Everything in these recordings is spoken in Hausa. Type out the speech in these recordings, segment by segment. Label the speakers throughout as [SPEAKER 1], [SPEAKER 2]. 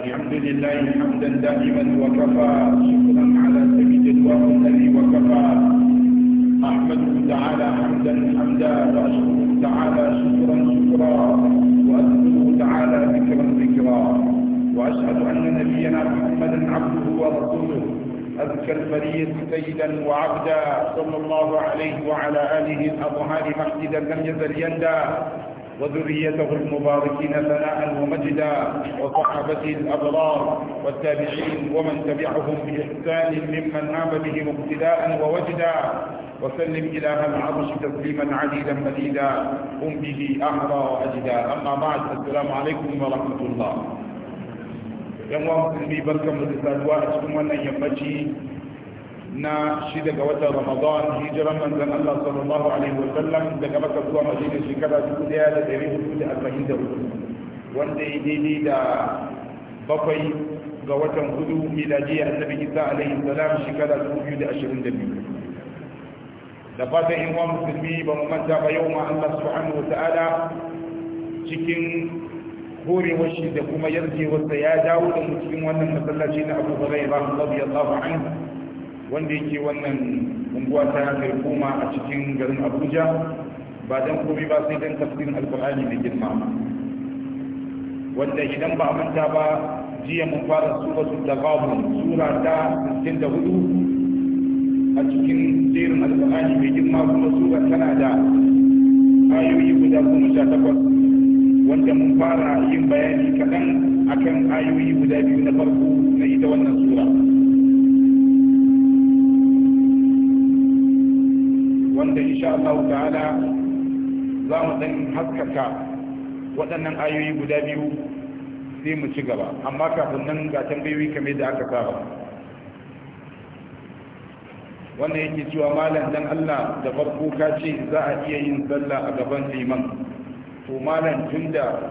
[SPEAKER 1] الحمد لله حمدا دائما وكفى شكرا على سبيل الوافي وكفى أحمده تعالى حمدا حمدا وأشكره تعالى شكرا شكرا وأذكره تعالى ذكرا ذكرا وأشهد أن نبينا محمدا عبده ورسوله أذكى البريد سيدا وعبدا صلى الله عليه وعلى آله الأطهار محددا لم يزل يندى وذريته المباركين ثناء ومجدا وصحبته الأبرار والتابعين ومن تبعهم بإحسان ممن نام بهم اقتداء ووجدا وسلم إله العرش تسليما عديدا مديدا قم به أحرى وأجدا أما بعد السلام عليكم ورحمة الله يوم الله بركة الإسلام وأشكم أن يمشي na shi daga watan ramadan hijiran manzan allah sallallahu alaihi sallam daga maka zuwa madina shekara hudu wanda ya daidai da bakwai ga watan hudu miladiya annabi isa alaihi salam shekara biyu da ashirin da Da biyu. fatan in wa musulmi ba mu manta ba yau ma allah subhanahu wa ta'ala cikin horewar shi da kuma yarjewarsa ya dawo da mu cikin wannan masallaci na abu hurairah radiyallahu anhu wanda yake wannan unguwa ta koma a cikin garin abuja ba don komi ba sai don tafsirin alkur'ani da girma wanda idan ba a manta ba jiya mun fara suratul da sura ta 64 a cikin jerin alkur'ani mai girma kuma sura tana da ayoyi guda goma sha takwas wanda mun fara yin bayani kaɗan akan ayoyi guda biyu na farko na ita wannan sura wanda insha Allah ta'ala za mu dan haskaka waɗannan ayoyi guda biyu sai mu ci gaba amma kafin nan ga tambayoyi kamar da aka saba wanda yake cewa malam dan Allah da farko ka ce za a iya yin sallah a gaban liman to malam tunda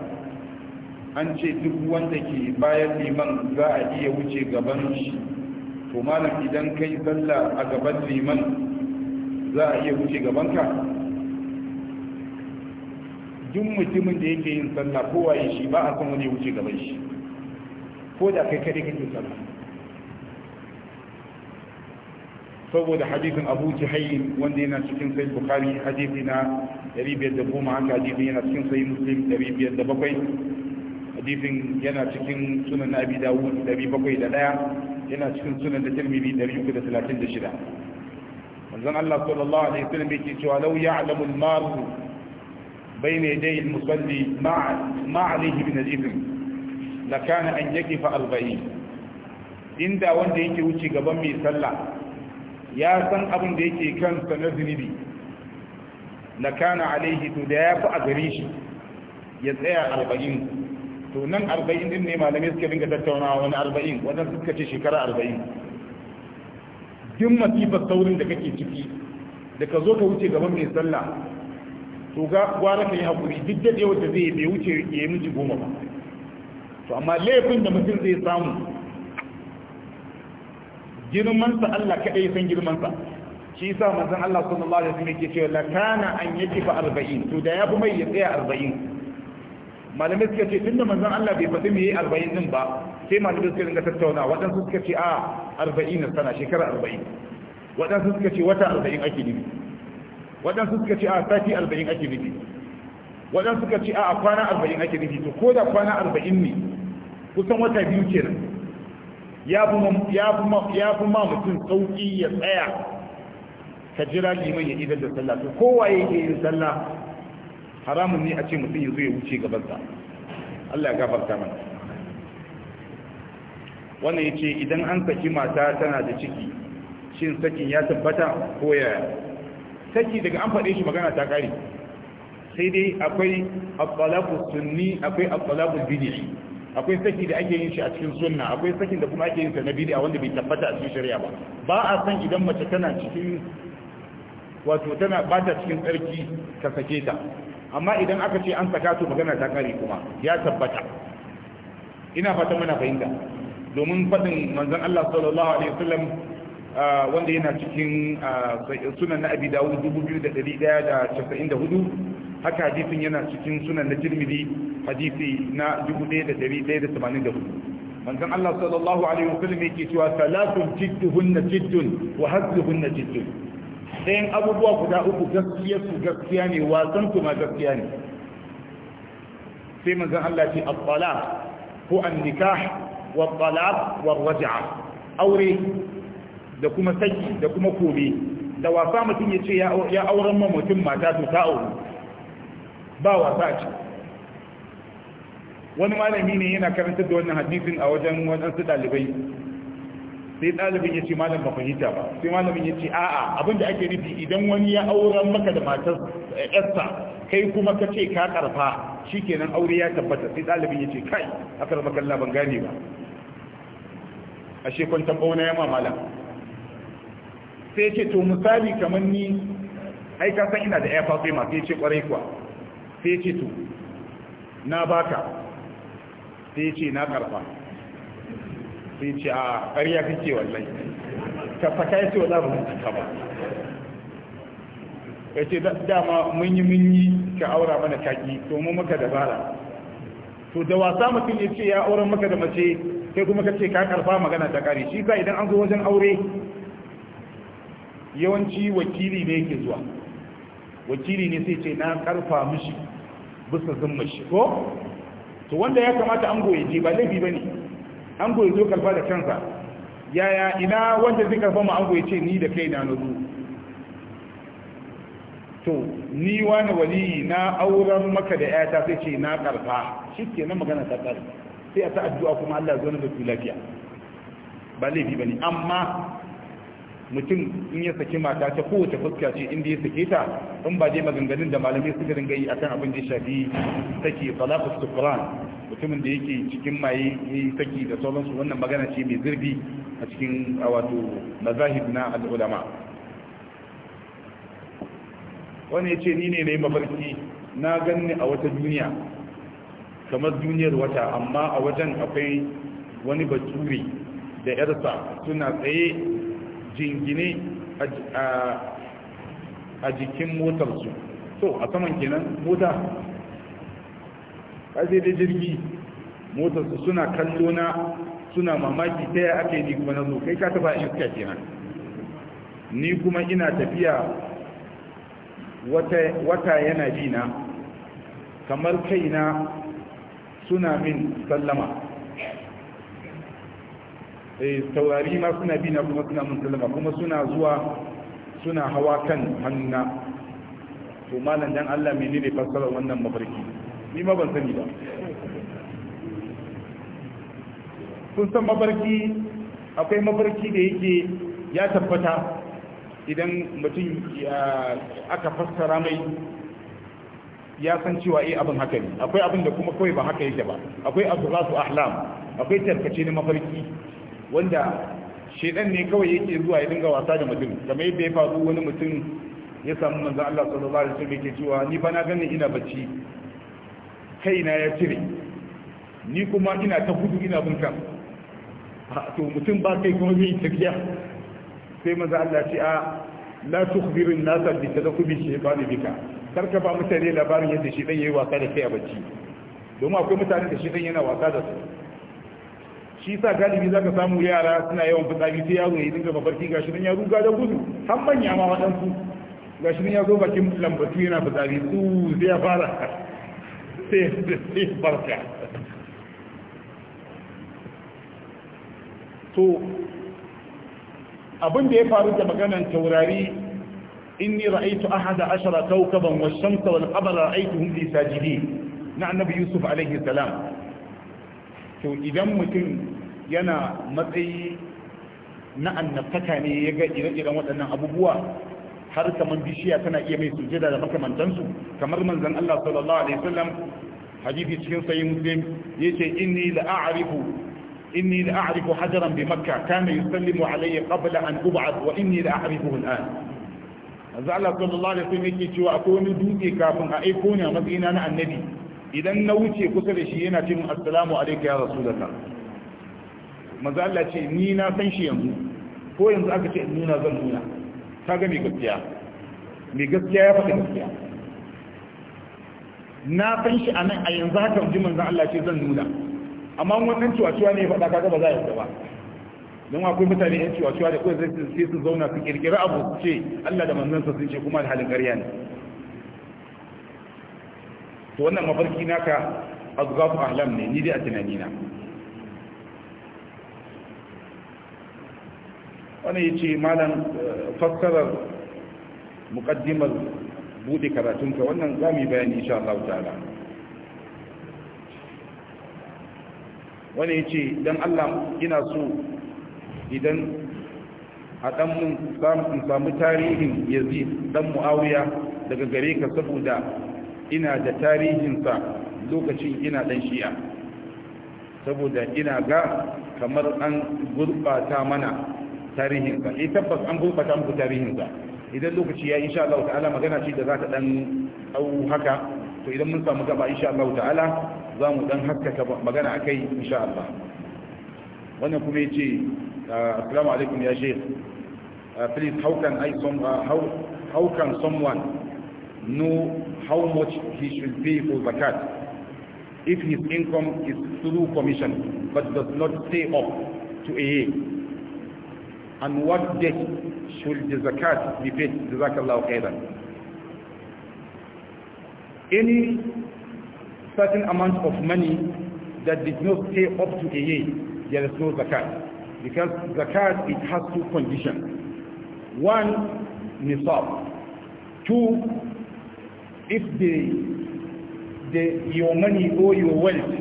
[SPEAKER 1] an ce duk wanda ke bayan liman za a iya wuce gaban shi to malam idan kai sallah a gaban liman za a iya wuce gaban ka duk mutumin da yake yin sallah ko waye shi ba a san wani ya wuce gaban shi ko da kai kare kake sallah saboda hadisin abu jihayin wanda yana cikin sai bukari hadisi na 510 haka hadisin yana cikin sai muslim 507 hadisin yana cikin sunan abi dawud 701 yana cikin sunan da tirmidhi 336 manzon Allah sallallahu alaihi wasallam yake cewa law ya'lamu al-maru bayna yaday al-musalli ma'a ma'alihi min al-ithm la kana an yakifa arba'in inda wanda yake wuce gaban mai sallah ya san abin da yake kansa na zunubi la kana alaihi to da ya fi a gare shi ya tsaya arba'in to nan arba'in din ne malamai suka dinga tattaunawa wani arba'in wannan suka ce shekara arba'in duk masifar saurin da kake ciki da ka zo ka wuce gaban mai sallah to ga gwara ka yi haƙuri duk da da zai bai wuce ya yi miji goma ba to amma laifin da mutum zai samu girmansa Allah kaɗai san girmansa shi yasa manzon Allah sallallahu alaihi wasallam yake cewa la kana an fa arba'in to da ya fi mai ya tsaya arba'in. malamai suka ce tunda manzon Allah bai faɗi mai arba'in din ba sai malamai suka dinga tattauna waɗansu suka ce a arba'in na sana shekara arba'in waɗansu suka ce wata arba'in ake nufi waɗansu suka ce a sati arba'in ake nufi waɗansu suka ce a kwana arba'in ake nufi to ko da kwana arba'in ne kusan wata biyu kenan ya fi ma mutum sauƙi ya tsaya ka jira liman ya idan da sallah to kowa yake yin sallah haramun ne a ce mutum ya zo ya wuce gabansa Allah ya gafarta mana wannan yace idan an saki mata tana da ciki shin sakin ya tabbata ko ya saki daga an faɗe shi magana ta ƙare sai dai akwai at-talaqu sunni akwai at-talaqu bid'i akwai saki da ake yin shi a cikin sunna akwai sakin da kuma ake yin sa na bid'a wanda bai tabbata a cikin shari'a ba ba a san idan mace tana cikin wato tana bata cikin tsarki ka sake ta amma idan aka ce an saka to magana ta kare kuma ya tabbata ina fata muna fahimta domin fadin manzon Allah sallallahu alaihi wasallam wanda yana cikin sunan na Abi Dawud 2194 haka hadisin yana cikin sunan na Tirmidhi hadisi na 1184 manzon Allah sallallahu alaihi wasallam yake cewa salatun jidduhunna jiddun wa hazzuhunna jiddun ɗayan abubuwa guda uku gaskiya su gaskiya ne wasan su ma gaskiya ne sai manzon Allah ce at ko an-nikah wa talaq wa raj'a aure da kuma saki da kuma kome da wasa mutum ya ce ya auren ma mutum mata to ta aure ba wasa ce wani malami ne yana karanta da wannan hadisin a wajen wadansu ɗalibai sai ɗalibin ya ce malam ba fahimta ba sai malamin ya ce a'a abin da ake nufi idan wani ya auren maka da matar eh, yarsa kai kuma ka ce ka karfa shi kenan aure ya tabbata sai ɗalibin ya ce kai akar kalla ban gane ba a kun tabo ya ma malam sai ce to misali kamar ni ai ka san ina da ya fafe ma sai ce kwarai kuwa sai ce to na baka sai ce na karfa sai ce a ƙarya kake wallai ka saka ya ce wallahi ban ka ba ya ce dama mun yi mun yi ka aura mana kaki to mu maka dabara to da wasa mutum ya ce ya auren maka da mace sai kuma ka ce ka karfa magana ta kare shi sa idan an zo wajen aure yawanci wakili ne yake zuwa wakili ne sai ce na karfa mishi bisa zumma shi ko to wanda ya kamata an goye je ba laifi bane an goyi zo karfa da kansa yaya ina wanda zai karfa mu an goyi ce ni da kai na nazo to ni wani waliyi na auren maka da yata sai ce na karfa shi ke na magana ta karfa sai a ta addu'a kuma Allah zo na da su lafiya ba laifi ba ne amma mutum in ya saki mata ta kowace fuska ce inda ya sake ta in ba je maganganun da malamai suka dinga yi akan abin da shafi take talaqus sufran mutumin da yake cikin maye ya yi saki da sauransu wannan magana ce mai zurfi a cikin wato mazahib na al'ulama wani ya ce ni ne na yi mafarki na ganni a wata duniya kamar duniyar wata amma a wajen akwai wani bature da yarsa suna tsaye jingine a jikin motarsu so a saman kenan mota ka sai dai jirgi motarsa suna kallo na suna mamaki ta ya ake ni kuma na zo kai ka taba iska kenan ni kuma ina tafiya wata yana jina kamar kaina suna min sallama eh, taurari ma suna bi na kuma suna min sallama kuma suna zuwa suna hawa kan hannuna to malam dan Allah menene fassara wannan mafarki ni ma ban sani ba sun san mafarki akwai mafarki da yake ya tabbata idan mutum aka fassara mai ya san cewa eh abin haka ne akwai abin da kuma kawai ba haka yake ba akwai abdullasu ahlam akwai tarkace na mafarki wanda shedan ne kawai yake zuwa ya dinga wasa da mutum kamar yadda ya faru wani mutum ya samu manzo Allah sallallahu alaihi wasallam yake cewa ni ba na ganin ina bacci kaina ya cire ni kuma ina ta gudu ina bin kan to mutum ba kai kuma zai tafiya sai maza Allah ce a la tukhbirin nasa bi tadakubi shaytani bika karka ba mutane labarin yadda shi dan yayi wasa da kai a bacci domin akwai mutane da shi dan yana wasa da su shi sa galibi zaka samu yara suna yawan fitsari sai yaro ya dinga mafarki gashi nan ya ruga da gudu har manya ma wadansu gashi nan ya zo bakin lambatu yana fitsari su sai ya fara sai barka to abin da ya faru da maganan taurari inni ra'aytu ahada ashara kawkaban wash-shamsa wal-qamara ra'aytuhum li sajidin na annabi Yusuf alaihi salam to idan mutum yana matsayi na annabtaka ne ya ga ire-iren waɗannan abubuwa har kaman bishiya tana iya mai sujada da makamantansu kamar manzon Allah sallallahu alaihi wasallam hadisi cikin sahih muslim yace inni la a'rifu inni la a'rifu hajaran bi makkah kana yusallimu alayya qabla an ub'ath wa inni la a'rifuhu al'an manzon Allah sallallahu alaihi wasallam yake cewa akwai wani dutse kafin a aiko ni a matsayina na annabi idan na wuce kusa da shi yana cin assalamu alayka ya rasulullah manzon Allah ce ni na san shi yanzu ko yanzu aka ce in nuna zan nuna ka ga mai gaskiya mai gaskiya ya faɗi gaskiya na san shi a nan a yanzu haka ji manzan Allah ce zan nuna amma wannan ciwaciwa ne ya faɗa kaga ba za a yarda ba don akwai mutane yan ciwaciwa da kawai sai su zauna su kirkira abu ce Allah da manzansa sun ce kuma da halin ƙarya ne to wannan mafarki naka azgafu ahlam ne ni dai a tunanina wani ya ce malam eh, fassarar mukaddimar bude karatunka wannan za mu bayani insha Allah ta'ala wani ya ce dan Allah ina so idan a dan mun samu tarihin yazid dan muawiya daga gare ka saboda ina da tarihinsa lokacin ina dan shi'a saboda ina ga kamar an gurbata mana tarihinsa eh tabbas an gurfata muku tarihinsa idan lokaci ya insha Allah ta'ala magana ce da za ta dan au haka to idan mun samu gaba insha Allah ta'ala za mu dan haskaka magana a akai insha Allah wannan kuma yace ah, assalamu alaikum ya sheikh ah, please how can i some uh, ah, how how can someone know how much he should pay for zakat if his income is through commission but does not stay up to a year and what date should the zakat be paid? Jazakallahu khairan. Any certain amount of money that did not pay up to a year, there is no zakat. Because zakat, it has two conditions. One, nisab. Two, if the, the, your money or your wealth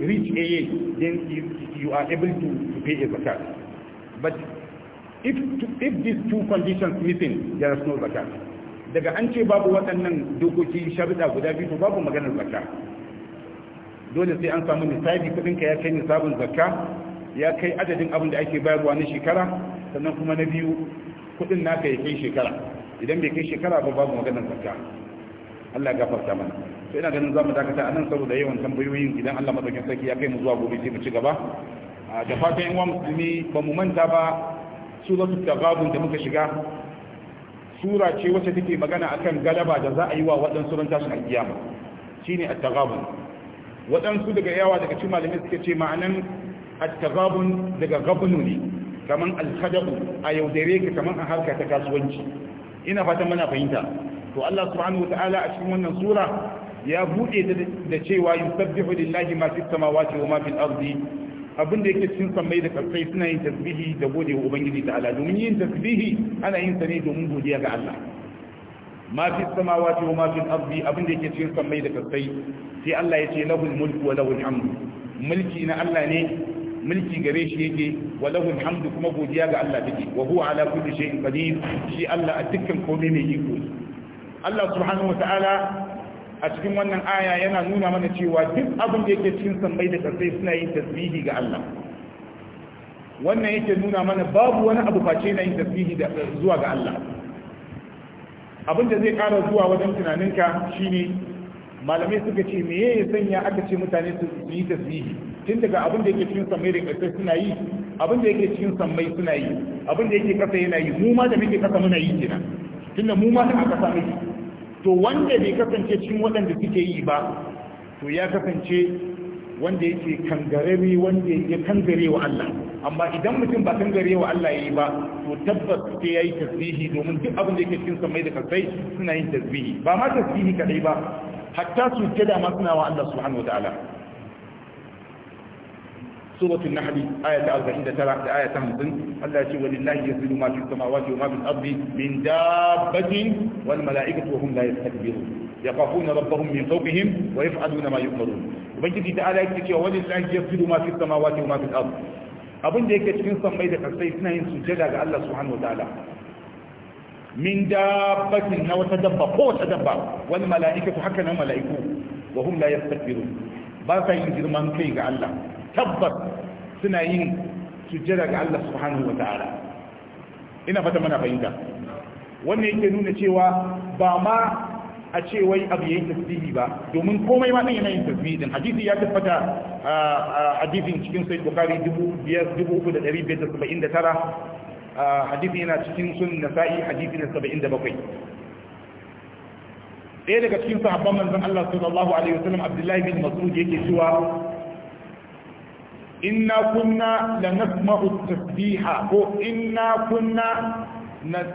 [SPEAKER 1] reach a year, then you, you are able to, to pay a zakat. but if if these two conditions missing there is no zakat daga an ce babu waɗannan dokoki sharuɗa guda biyu to babu maganar zakka dole sai an samu nisabi kudin ka ya kai nisabin zakka ya kai adadin abin da ake bayarwa na shekara sannan kuma na biyu kudin naka ya kai shekara idan bai kai shekara ba babu maganar zakka Allah ya gafarta mana to ina ganin zamu dakata anan saboda yawan tambayoyin idan Allah madaukakin sarki ya kai mu zuwa gobe sai mu ci gaba da fatan yan musulmi ba mu manta ba suratul tagabun da muka shiga sura ce wacce take magana akan galaba da za a yi wa waɗansu ran tashin alkiyama shine at-tagabun waɗansu daga yawa daga cikin malamai suke ce ma'anan at-tagabun daga gabnu ne kaman al-khada'u a yaudare ka kaman a harka ta kasuwanci ina fatan muna fahimta to Allah subhanahu wataala a cikin wannan sura ya buɗe da cewa yusabbihu lillahi ma fis samawati wa ma fil ardi abin da yake cikin sammai da kasai suna yin tasbihi da gode wa ubangiji ala domin yin tasbihi ana yin sa ne domin godiya ga Allah ma fi samawati wa ma fi ardi abin da yake cikin sammai da kasai sai Allah yace lahul mulku wa lahul hamdu mulki na Allah ne mulki gare shi yake wa lahul hamdu kuma godiya ga Allah take wa huwa ala kulli shay'in qadir shi Allah a dukkan komai mai iko Allah subhanahu wa ta'ala a cikin wannan aya yana nuna mana cewa duk abin da yake cikin sammai da kasai suna yin tasbihi ga Allah wannan yake nuna mana babu wani abu face na yin tasbihi da zuwa ga Allah abin da zai kara zuwa wajen tunaninka shine malamai suka ce me ya sanya aka ce mutane su yi tasbihi tun daga abin da yake cikin sammai da kasai suna yi abin da yake cikin sammai suna yi abin da yake kasa yana yi mu ma da muke kasa muna yi kenan tunda mu ma da aka sa to wanda bai kasance cikin waɗanda suke yi ba to ya kasance wanda yake kangarewa wanda ya kangarewa Allah amma idan mutum ba kangarewa Allah yayi ba to tabbas sai yayi tasbihi domin duk abin da yake cikin samai da kasai suna yin tasbihi ba ma tasbihi kadai ba hatta su da ma suna wa Allah subhanahu wataala سورة النحل آية 49 آية 50 الله يقول ولله يسجد ما في السماوات وما في الأرض من دابة والملائكة وهم لا يستكبرون يخافون ربهم من فوقهم ويفعلون ما يؤمرون وبنجي تعالى يقول ولله يسجد ما في السماوات وما في الأرض abin da yake cikin sammai da kasai suna yin sujada ga Allah subhanahu wataala min dabbatin na wata dabba ko wata dabba wal mala'ikatu haka nan mala'iku wa hum la yastakbirun ba sa yin girman kai ga Allah tabbas suna yin sujjada ga Allah subhanahu ta'ala ina fata mana fahimta wannan yake nuna cewa ba ma a ce wai abu yayin tasbihi ba domin komai ma din yana yin tasbihi din hadisi ya tabbata hadisin cikin sahih bukhari tara. hadisi yana cikin sunan nasa'i hadisi na 77 ɗaya daga cikin sahabban manzon Allah sallallahu alaihi wasallam Abdullahi bin Mas'ud yake cewa inna kunna lanasma'u tasbiha ko inna kunna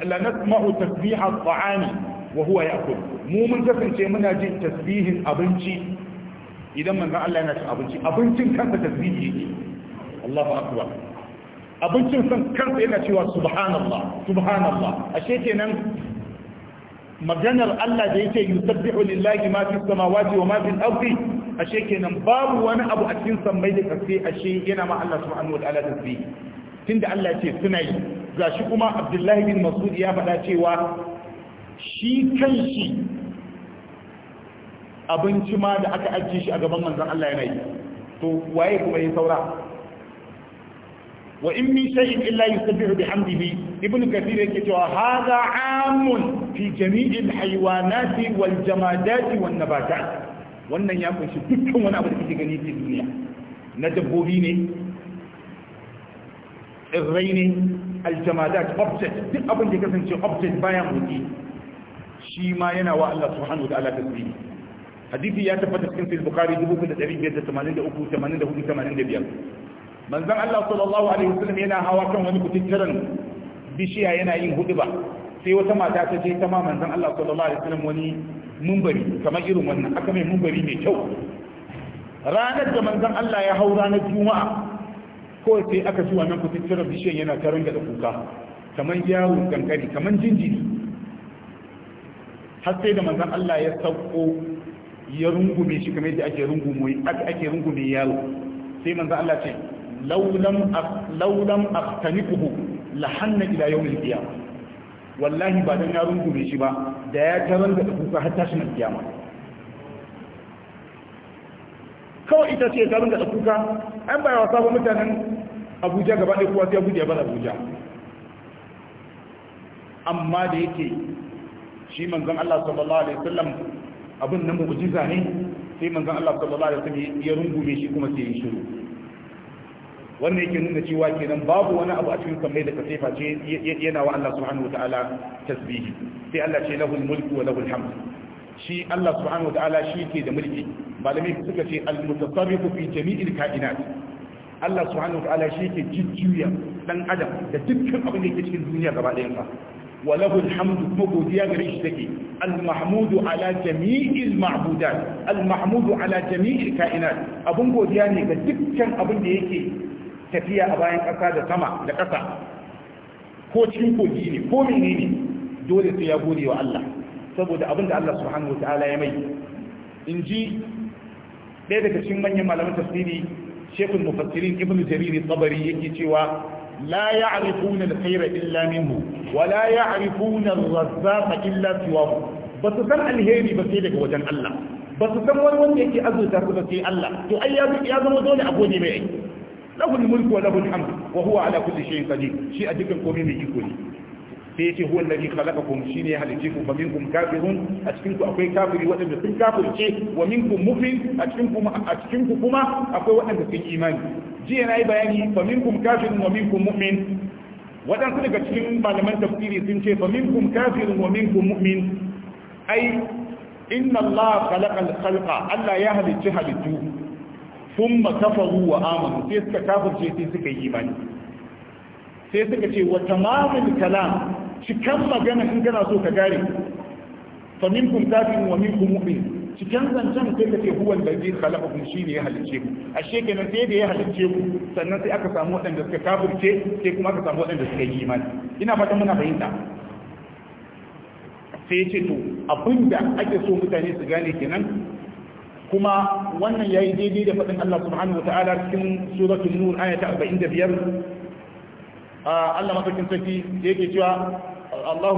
[SPEAKER 1] lanasma'u tasbiha at-ta'ami wa huwa ya'kul mu mun kasance muna jin tasbihin abinci idan manzon Allah yana cin abinci abincin kansa tasbihi yake Allahu akbar abincin san kansa yana cewa subhanallah subhanallah ashe kenan maganar Allah da yake yusabbihu lillahi ma fi samawati wa ma fi al-ardi ashe kenan babu wani abu a cikin sammai da kafe ashe yana ma Allah subhanahu wataala tasbih tunda Allah ya ce suna yi gashi kuma Abdullahi bin Mas'ud ya faɗa cewa shi kanshi abinci ma da aka ajiye shi a gaban manzon Allah yana yi to waye kuma ya saura wa in min shay'in illa yusabbihu bihamdihi ibnu kathir yake cewa hadha amun fi jami'il hayawanati wal jamadati wan nabatat wannan ya kunshi dukkan wani abu da kake gani cikin duniya na dabbobi ne tsirrai ne aljamadat object duk abin da kasance object bayan hoki shi ma yana wa Allah subhanahu wataala tasbihi hadisi ya tabbata cikin sahih bukhari 3583 manzon Allah sallallahu alaihi wasallam yana hawa kan wani kutittiran bishiya yana yin hudiba sai wata mata ta je ta ma manzon Allah sallallahu alaihi wasallam wani mumbari kamar irin wannan aka mai mumbari mai kyau ranar da manzan Allah ya hau ranar juma'a ko sai aka ci wannan kututturar bishiyan yana ta ranga da kuka kamar yawon kankari kamar jinjiri har sai da manzon Allah ya sauko ya rungume shi kamar yadda ake rungume ake yaro sai manzon Allah ce laulam laulam aftanikuhu lahanna ila yawmil qiyamah wallahi ba dan ya rungume shi ba da ya taron da kuka har tashi na kiyama kawai ita ce taron da kuka an bai wa sabon mutanen abuja gaba ɗaya kowa sai abuja ya bar abuja amma da yake shi manzon Allah sallallahu alaihi wasallam abin nan mu'jiza ne sai manzon Allah sallallahu alaihi wasallam ya rungume shi kuma sai ya shiru wannan yake nuna cewa kenan babu wani abu a cikin kamar da kasefa ce yana wa Allah subhanahu wataala tasbihi sai Allah ce lahul mulki wa lahul hamd shi Allah subhanahu wataala shi ke da mulki malamai suka ce al mutasarrifu fi jami'il kainat Allah subhanahu wataala shi ke jujjuya dan adam da dukkan abin da yake cikin duniya gaba ɗayan sa wa lahul hamd kuma godiya gare shi take al mahmudu ala jami'il ma'budat al mahmudu ala jami'il kainat abun godiya ne ga dukkan abin da yake tafiya a bayan ƙasa da sama da ƙasa ko cikin kogi ne ko mene ne dole sai ya gode wa Allah saboda abin da Allah subhanahu wa ta'ala ya mai in ji ɗaya daga cikin manyan malaman tafsiri shekul mufassirin ibn jarir tabari yake cewa la ya ya'rifuna da khayra illa minhu wa la ya'rifuna ar-razzaq illa siwahu ba su san alheri ba sai daga wajen Allah ba su san wani wanda yake azurta su ba sai Allah to ai ya zama dole a gode mai lahu mulku wa lahu wa huwa ala kulli shay'in qadir shi a dukkan komai mai iko ne sai yace huwa alladhi khalaqakum ya halice ku fa a cikin akwai kafiri waɗanda sun kafirce wa minkum a cikin kuma akwai waɗanda sun imani jiya nayi bayani fa minkum kafirun wa minkum mu'min daga cikin malaman tafsiri sun ce fa minkum wa inna Allah Allah ya halicci halittu thumma kafaru wa amanu sai suka kafirce sai suka yi imani sai suka ce wa tamamul kalam cikan magana in kana so ka gare fa kun tafi, wa min kun mu'min cikin zancen sai ka ce huwan da zai halaka kun shi ne ya halicce ku ashe kenan sai da ya halicce ku sannan sai aka samu waɗanda suka kafirce sai kuma aka samu waɗanda suka yi imani ina fatan muna fahimta sai ya ce to abinda ake so mutane su gane kenan kuma wannan yayi daidai da faɗin Allah subhanahu wataala cikin suratul nur aya ta 45 Allah madaukin sarki yake cewa الله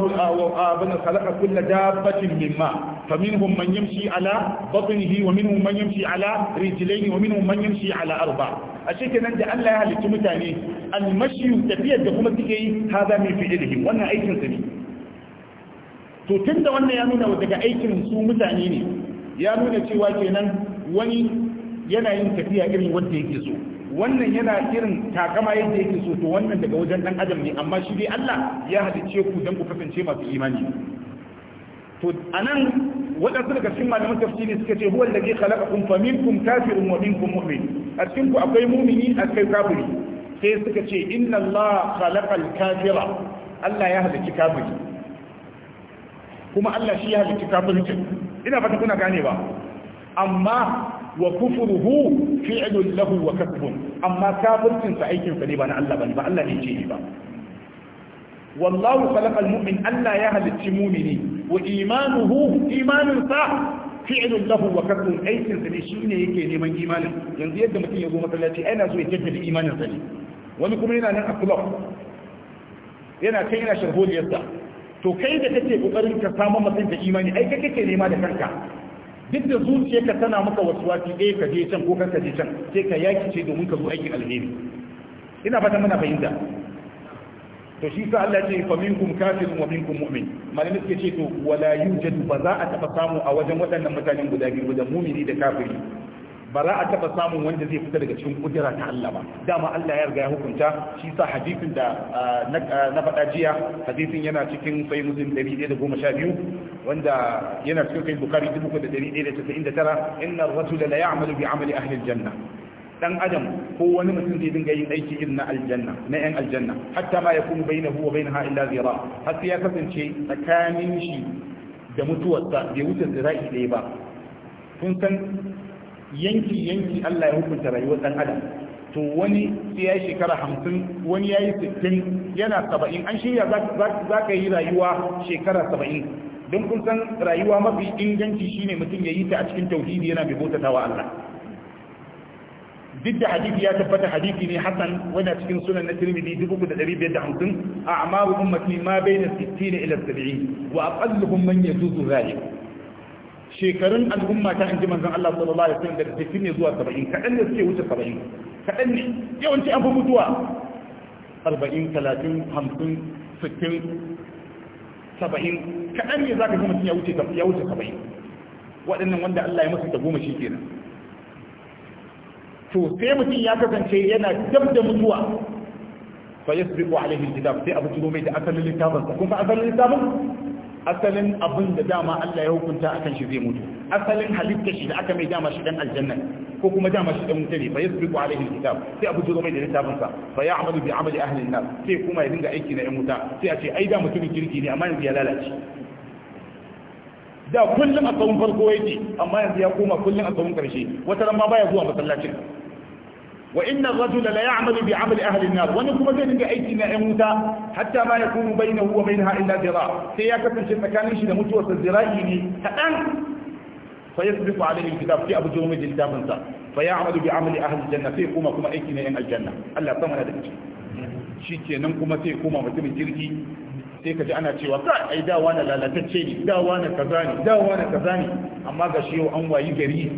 [SPEAKER 1] أبن خلق كل دابة من ماء فمنهم من يمشي على بطنه ومنهم من يمشي على رجلين ومنهم من يمشي على أربع أشياء كنا عند الله أهل تمتاني المشي تفيد دخومة تكي هذا من فعلهم وانا أيكن سبيل to tun da wannan ya nuna daga aikin su mutane ne ya nuna cewa kenan wani yana yin tafiya irin wanda yake so wannan yana irin takama yadda yake so to wannan daga wajen dan adam ne amma shi dai Allah ya halicce ku dan ku kasance masu imani to anan waɗansu daga cikin malaman tafsiri suka ce huwa allazi khalaqakum fa minkum kafirun wa minkum mu'min a cikin ku akwai mu'mini akwai kafiri sai suka ce inna Allah khalaqal kafira Allah ya halicci kafiri kuma Allah shi ya halitta kafircin ina fata kuna gane ba amma wa kufruhu fi'lun lahu wa kasbun amma kafircin sa aikin sa ne ba na Allah bane ba Allah ne ce ni ba wallahu khalaqal mu'min Allah ya halitta mu'mini wa imanuhu imanun sa fi'lun lahu wa kasbun aikin sa ne shine yake neman imanin yanzu yadda mutum ya zo masallaci ai na so ya jaddada imanin sa ne wani kuma yana nan a club yana kai yana sharholiyar sa to kai da kake kokarin ka samu mutum da imani ai kai kake nema da kanka duk da ka tana maka wasu eh ka je can ko ka je can sai ka yaki ce domin ka zo aikin alheri ina fata muna fahimta to shi sa Allah ce fa minkum kafirun wa minkum mu'min malamin suke ce to wala yujadu ba za a taba samu a wajen waɗannan mutanen guda biyu da mumini da kafiri ba za a taɓa samun wanda zai fita daga cikin kudura ta Allah ba dama Allah ya riga ya hukunta shi sa hadisin da na faɗa jiya hadisin yana cikin sai muslim 112 wanda yana cikin sai bukari 3199 inna ar-rajula la ya'malu bi 'amali ahli al dan adam ko wani mutum zai dinga yin aiki irin na aljanna na yan aljanna hatta ma yakunu bainahu wa bainaha illa zira har sai ya kasance tsakanin shi da mutuwarsa bai wuce zira'i ɗaya ba kun san yanki yanki Allah ya hukunta rayuwar dan adam to wani sai ya yi shekara hamsin wani ya yi sittin yana saba'in an shirya za ka yi rayuwa shekara saba'in don kun san rayuwa mafi inganci shine mutum ya yi ta a cikin tauhidi yana bai bautata wa Allah duk da hadisi ya tabbata hadisi ne hasan wanda cikin sunan na tirmidhi 3550 a'maru ummati ma baina 60 ila 70 wa aqalluhum man yajuzu zalik shekarun al'umma ta inji manzon Allah sallallahu alaihi wasallam da tafi ne zuwa 70 kadan ne suke wuce 70 kadan ne yawanci an fi mutuwa 40 30 50 60 70 kadan ne zaka ga mutum ya wuce ya wuce 70 waɗannan wanda Allah ya masa ta goma shi kenan to sai mutum ya kasance yana dab da mutuwa fa yasbiqu alaihi alkitab sai abu tuno mai da asalin littafin kun fa asalin littafin asalin abin da dama Allah ya hukunta akan shi zai mutu asalin halitta shi da aka mai dama shi dan aljanna ko kuma dama shi dan mutane fa yasbiqu alaihi alkitab sai abu jiro mai da littafin sa fa ya'malu bi amali ahli an-nar sai kuma ya dinga aiki na yan wuta sai a ce ai da mutumin kirki ne amma yanzu ya lalace da kullum a tsawon farko yake amma yanzu ya koma kullum a tsawon karshe wata ran ma baya zuwa masallacin wa inna rajula la ya'malu bi 'amali ahli an-nar wani kuma zai dinga aiki na 'yan wuta hatta ma yakunu bainahu wa bainaha illa zira sai ya kasance tsakanin shi da mutuwarsa zira'i ne kadan fa yasbiqu alayhi al-kitab fi abu jumay kitabin sa fa ya'malu bi 'amali ahli al-janna sai kuma kuma aiki na 'yan aljanna Allah sama da shi shikenan kuma sai kuma mutumin jirgi sai ka ji ana cewa ka ai dawa na lalatacce ne dawa na kaza ne dawa na kaza ne amma ga shi yau an wayi gari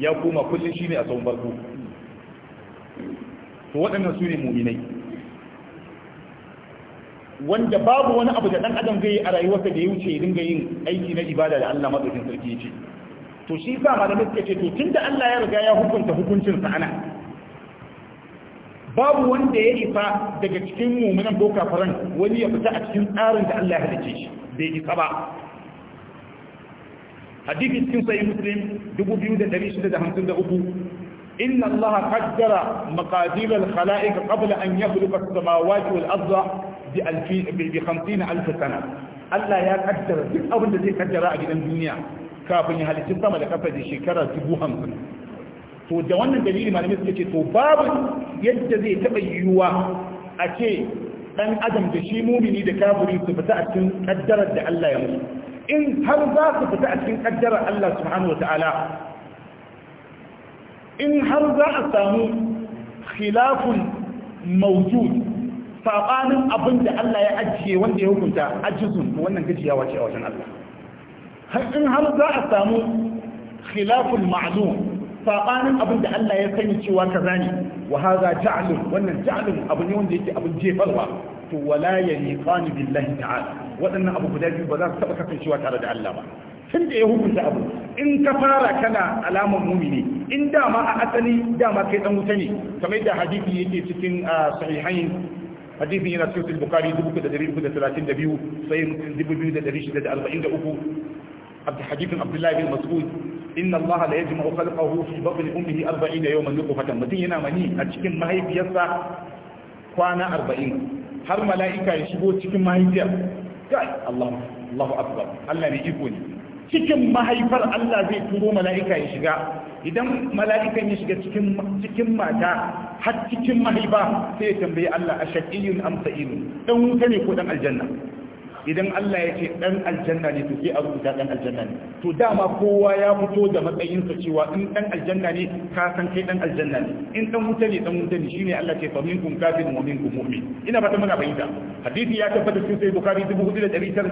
[SPEAKER 1] ya koma kullun shine a tsawon barko to waɗannan su ne muminai wanda babu wani abu da ɗan adam zai yi a rayuwarsa da ya wuce ya dinga yin aiki na ibada da Allah madaukakin sarki ya ce to shi sa malamai suka ce to tunda Allah ya riga ya hukunta hukuncin sa ana babu wanda ya isa daga cikin mumunan boka faran wani ya fita a cikin tsarin da Allah ya halice shi bai isa ba hadisi cikin sahih muslim 2653 إن kaddara قدر kala'ika الخلائق قبل أن يخلق السماوات والأرض بخمسين ألف سنة Allah ya kaddara duk abinda da zai kaddara a gidan duniya kafin ya halicci sama da kafa da shekara dubu hamsin to da wannan dalili malamai suka ce to babu yadda zai taɓa yiwuwa a ce ɗan adam da shi mumini da kafiri su fita a cikin kaddarar da Allah ya musu in har za su fita a cikin kaddarar Allah subhanahu in har za a samu khilafun mawjud sabanin abin da Allah ya ajiye wanda ya hukunta ajizun wannan gajiyawa ce a wajen Allah in har za a samu khilafun ma'lum sabanin abin da Allah ya sani cewa kaza ne wa hadha ja'lun wannan ja'lun abu ne wanda yake abin jefarwa to wala ya yaliqani billahi ta'ala wadannan abu guda biyu ba za su taɓa kasancewa tare da Allah ba tun da ya hukunta abu in ka fara kana alaman mumini in dama a asali dama kai dan wuta ne kamar yadda hadisi yake cikin ah, sahihain hadisi yana cikin bukari 332 sai 2643 عبد الحديث عبد الله بن مسعود إن الله لا يجمع خلقه في بطن أمه أربعين يوما نطفة متين yana mani a cikin mahaifiyarsa kwana arba'in har mala'ika ya shigo cikin mahaifiyar kai Allah Allahu akbar Allah ne iko ne cikin mahaifar Allah zai turo mala'ika ya shiga idan mala'ikan ya shiga cikin mata har cikin mahaifa sai ya tambaye Allah ashaqiyun am sa'ilun Ɗan wuta ne ko ɗan aljanna idan Allah ya ce ɗan aljanna ne to sai a rubuta ɗan aljanna ne to dama kowa ya fito da matsayinsa cewa in dan aljanna ne ka san kai ɗan aljanna ne in ɗan wuta ne ɗan wuta ne shine Allah ce fa minkum kafirun wa minkum mu'min ina fata muna fahimta hadisi ya tabbata cikin sahih bukhari 4949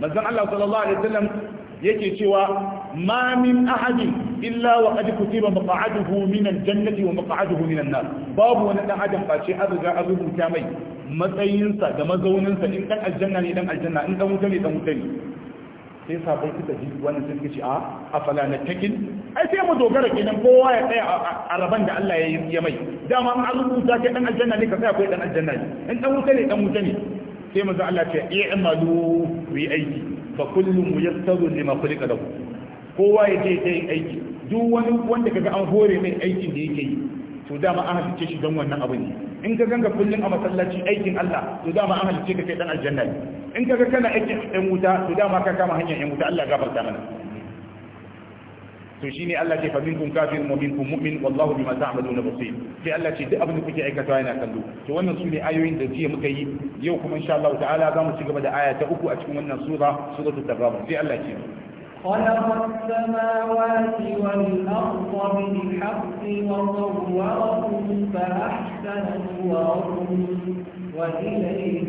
[SPEAKER 1] manzon Allah sallallahu alaihi wasallam yake cewa ma min ahadin illa wa qad kutiba maq'aduhu min al-jannati wa maq'aduhu min an-nar babu wani dan adam face an riga an rubuta mai matsayinsa da mazauninsa in dan aljanna ne dan aljanna in dan wuta ne dan wuta ne sai sabon suka ji wannan sai suka a afala na takin ai sai mu dogara kenan kowa ya tsaya a raban da Allah ya yi mai dama an rubuta kai dan aljanna ne ka tsaya kai dan aljanna ne in dan wuta ne dan wuta ne sai manzo Allah ya ce i'malu bi aiki fa kullu muyassaru lima khuliqa lahu kowa ya je yin aiki duk wani wanda kaga an hore mai aikin da yake yi to dama an halice shi don wannan abu ne in ka ganga kullun a masallaci aikin Allah to dama an halice ka kai dan aljanna in kaga kana aikin ɗan wuta to dama ka kama hanyar ɗan wuta Allah ya gafarta mana تجيني الله كيف منكم كافر ومنكم مؤمن والله بما تعملون بصير في الله تي ابن كي اي كتاينا كندو تو ونن سوره ايوين ده جي مكي ان شاء الله تعالى ذا مو سيغما ايه تاوكو ا cikin wannan sura sura في الله تي
[SPEAKER 2] خلق السماوات والأرض بالحق وصوركم فأحسن صوركم وإليه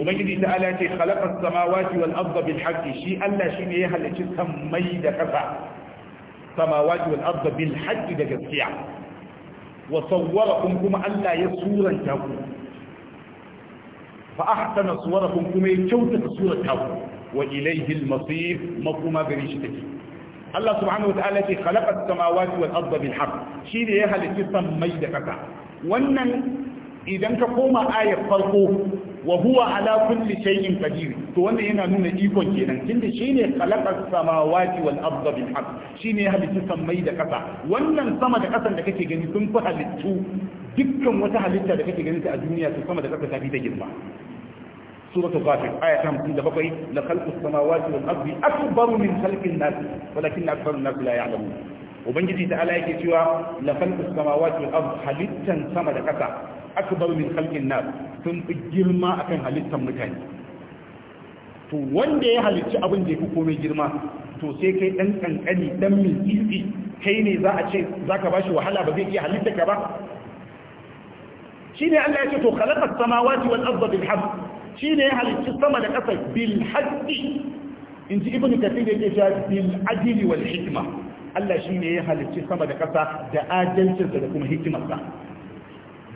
[SPEAKER 1] ubangiji ta ala ce khalaqa samawati wal arda bil haqqi shi Allah shi ne ya halicci sammai da kasa samawati wal arda bil haqqi da gaskiya wa sawwarakum kuma Allah ya suranta ku fa ahsana suwarakum kuma ya kyautata suranta ku wa ilayhi al masir makuma gari shi take Allah subhanahu wa ta'ala ce khalaqa as-samawati wal arda bil haqq ne ya halicci sammai da kasa wannan idan ka koma ayar farko wa huwa ala kulli shay'in qadir to wannan yana nuna ikon kenan tunda shine khalaqas samawati wal arda bil haqq shine ya halitta sammai da kasa wannan sama da kasan da kake gani sun fi halittu dukkan wata halitta da kake ganin ta a duniya sun sama da kasa ta fi ta girma سورة غافر آية 57 لخلق السماوات والأرض أكبر من خلق الناس ولكن أكثر الناس لا يعلمون وبنجي تعالى يكي سوى wal السماوات halittan sama da دكتا akbar min khalqin nas sun fi girma akan halittar mutane to wanda ya halicci abin da ya fi komai girma to sai kai dan kankani dan mitsitsi kai ne za a ce zaka bashi wahala ba zai iya halitta ka ba shine Allah ya ce to khalaqas samawati wal arda bil haqq shine ya halicci sama da ƙasa bil haqqi inji ibnu kathir yake cewa bil adli wal hikma Allah shine ya halicci sama da ƙasa da adalcin da kuma hikimarsa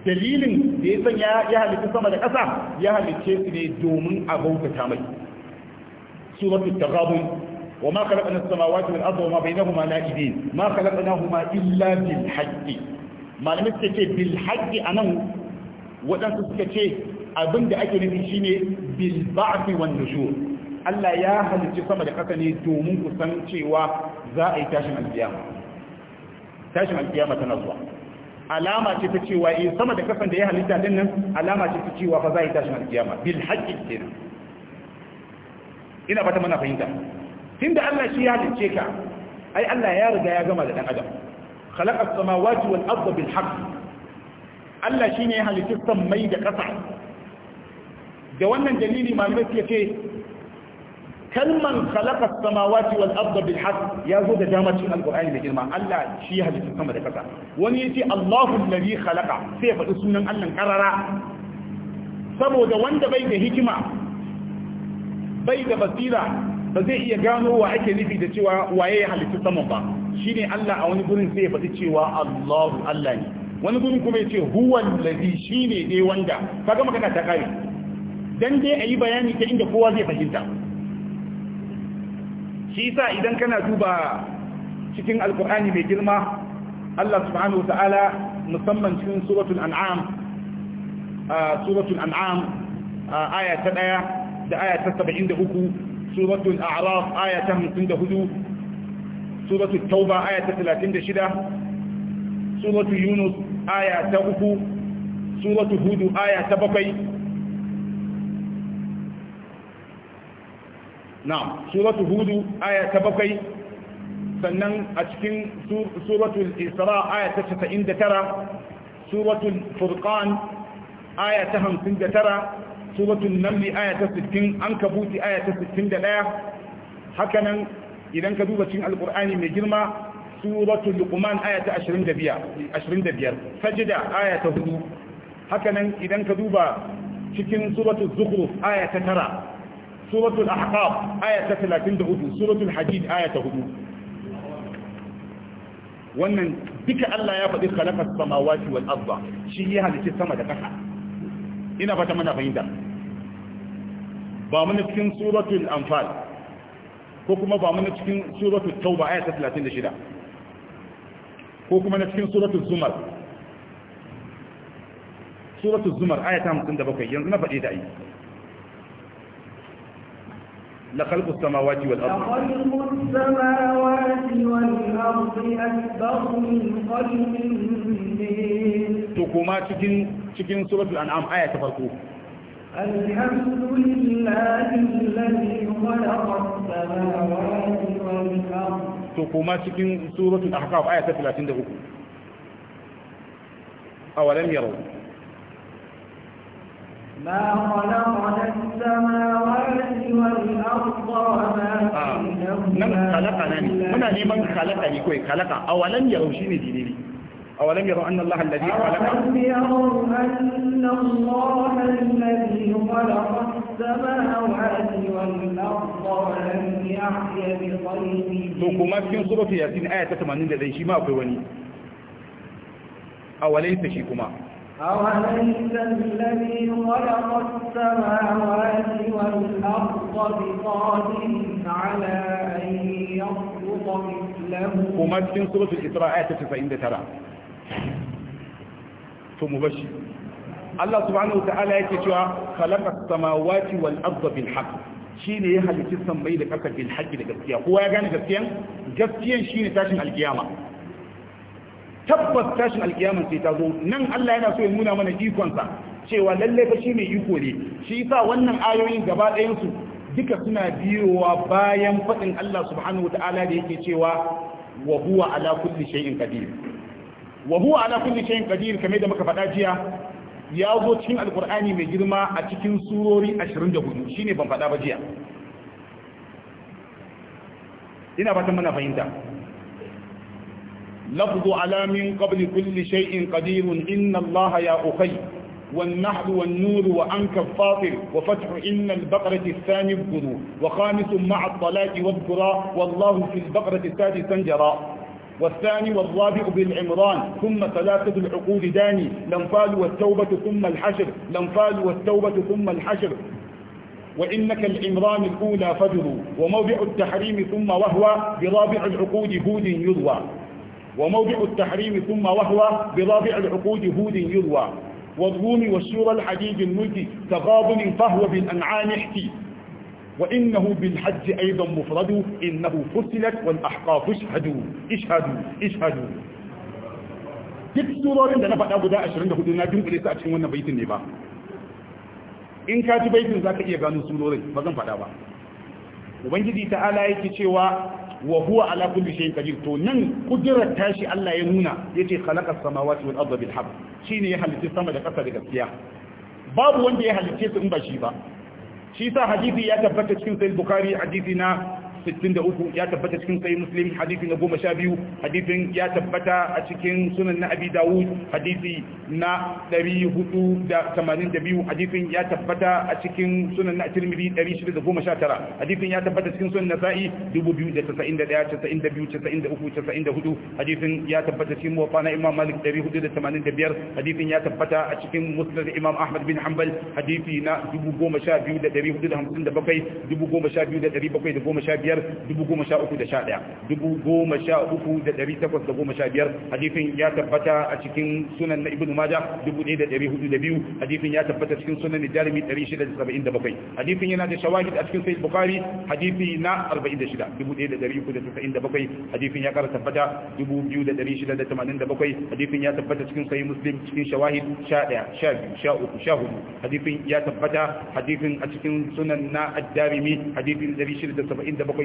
[SPEAKER 1] dalilin da ya sanya ya halitta sama da ƙasa ya halicce su ne domin a bautata mai suratul taghabun وما خلقنا السماوات والأرض وما بينهما لائبين ما خلقناهما إلا بالحج ما suka ce بالحج أنا وأن تكي shine أجل نشيني بالبعث والنشور Allah ya halicci sama da ƙasa ne domin ku san cewa za a yi tashin alkiyama tashin alkiyama tana zuwa alama ce ta cewa in eh, sama da kasan da ya halitta din nan alama ce ta cewa fa za yi tashin alkiyama bil haqqi kenan ina fata muna fahimta Tun da Allah shi ya halicce ka ai Allah ya riga ya gama da ɗan adam khalaqa as-samawati wal arda bil haqq Allah shine ya halicci sammai da ƙasa. da wannan dalili malamai suke ce kalman khalaqa samawati wal arda bil haqq ya zo da dama cikin alqur'ani da girma Allah shi ya halitta sama da kasa wani yace Allahu alladhi khalaqa sai ya faɗi sunan Allah karara saboda wanda bai da hikima bai da basira ba zai iya gano wa ake nufi da cewa waye ya halitta sama ba shine Allah a wani gurin sai ya faɗi cewa Allahu Allah ne wani gurin kuma ya ce huwa alladhi shine dai wanda kaga magana ta kare dan dai ayi bayani ta inda kowa zai fahimta shi sa idan kana duba cikin alkur'ani mai girma Allah subhanahu wata'ala musamman cikin suratul an'am suratul an'am aya ta 1 da aya ta 73 suratul a'raf aya ta 54 suratul tauba aya ta 36 suratul yunus aya ta 3 suratul hud aya ta 7 na'am suratu hudu aya ta bakwai sannan a cikin suratul isra aya ta 99 suratul furqan aya ta 59 suratul naml aya ta 60 ankabuti aya ta 61 haka nan idan ka duba cikin alqur'ani mai girma suratul luqman aya ta 25 25 sajda aya ta 4 haka nan idan ka duba cikin suratul zukhruf aya ta 9 suratul ahqaf aya ta 34 suratul hadid aya ta 4 wannan duka Allah ya faɗi khalaqas samawati wal arda shi ya halice sama da ƙasa ina fata mana fahimta ba mun cikin suratul anfal ko kuma ba mun cikin suratul tauba aya ta ko kuma na cikin suratul zumar 57 yanzu na faɗe لخلق السماوات والأرض
[SPEAKER 2] لخلق السماوات والأرض أكبر من خلق الليل
[SPEAKER 1] تقوما تكن تكن سورة الأنعام آية تفرقوا
[SPEAKER 2] الحمد لله الذي خلق السماوات والأرض
[SPEAKER 1] تقوما تكن سورة الأحقاف آية 33 أولم يروا
[SPEAKER 2] ما خلقنا السماوات والأرض وما بينهما نعم، خلقنا هنا لمن نعم،
[SPEAKER 1] خلقني كوي خلق أولم يروا شيني ديني أولم يروا أن الله الذي خلق أولم يروا
[SPEAKER 2] أن الله الذي خلق السماوات والأرض ولم يحي بخلقه وكما في
[SPEAKER 1] سورة ياسين آية 80 لدي شيء ما أوليس شيء
[SPEAKER 2] أوليس الذي خلق السماوات والأرض بقادر على أن يخلق مثله أمثل
[SPEAKER 1] صفة الإطراءات فإن ترى فمبشر الله سبحانه وتعالى يكتشع خلق السماوات والأرض بالحق شين يهل تسمى إذا أكثر بالحق لجبتيا هو يغاني جبتيا جبتيا شين تاشن القيامة tabbas tashin alkiyama sai ta zo nan Allah yana so ya nuna mana ikonsa cewa lalle fa shi mai iko ne shi yasa wannan ayoyin gaba ɗayansu duka suna biyowa bayan faɗin Allah subhanahu wataala da yake cewa wa huwa ala kulli shay'in qadir wa huwa ala kulli shay'in qadir kamar da muka faɗa jiya ya zo cikin alkur'ani mai girma a cikin surori 24 shine ban faɗa ba jiya ina fatan muna fahimta لفظ على من قبل كل شيء قدير إن الله يا أخي والنحل والنور وأنك الفاطر وفتح إن البقرة الثاني الجنو وخامس مع الصلاة والبراء والله في البقرة السادسا جرى والثاني والرابع بالعمران ثم ثلاثة العقود داني لنفال والتوبة ثم الحشر لنفال والتوبة ثم الحشر وإنك العمران الأولى فجر وموضع التحريم ثم وهو برابع العقود هود يروى وموضع التحريم ثم وهو برابع العقود هود يروى والروم والسور الحديد الملك تغابن فهو بالأنعام احتي وإنه بالحج أيضا مفرد إنه فصلت والأحقاف اشهدوا اشهدوا اشهدوا duk surorin da na faɗa guda 24 na dunkule su a cikin wannan baitin ne ba in ka ji baitin za ka iya gano surorin ba zan faɗa ba ubangiji ta'ala yake cewa wa huwa ala kulli shay'in qadir to nan kudirar tashi Allah ya nuna yace khalaqa samawati wal arda bil haqq shine ya halitta sama da ƙasa da gaskiya babu wanda ya halitta su in ba shi ba shi sa hadisi ya tabbata cikin sahih bukhari hadisi na 63 ya tabbata cikin sahih muslim hadisi na biyu hadisin ya tabbata a cikin sunan na abi dawud hadisi na 482 hadisin ya tabbata a cikin sunan na tirmidhi 619 hadisin ya tabbata cikin sunan nasa'i 2991 92 93 94 hadisin ya tabbata cikin muwatta imam malik 485 hadisin ya tabbata a cikin musnad imam ahmad bin hanbal hadisi na sha biyar. biyar dubu goma sha uku da sha ɗaya dubu goma sha uku da ɗari takwas da goma sha biyar hadifin ya tabbata a cikin sunan na ibnu maja dubu ɗaya da ɗari hudu da biyu hadifin ya tabbata cikin sunan na jarumi ɗari shida da saba'in da bakwai Hadifin yana da shawahid a cikin sai bukari hadisi na arba'in da shida dubu ɗaya da ɗari uku da saba'in da bakwai hadifin ya ƙara tabbata dubu biyu da ɗari shida da tamanin da bakwai hadifin ya tabbata cikin sai muslim cikin shawahid sha ɗaya sha biyu sha uku sha hudu hadifin ya tabbata hadisin a cikin sunan na addarimi hadisin ɗari shida da saba'in da bakwai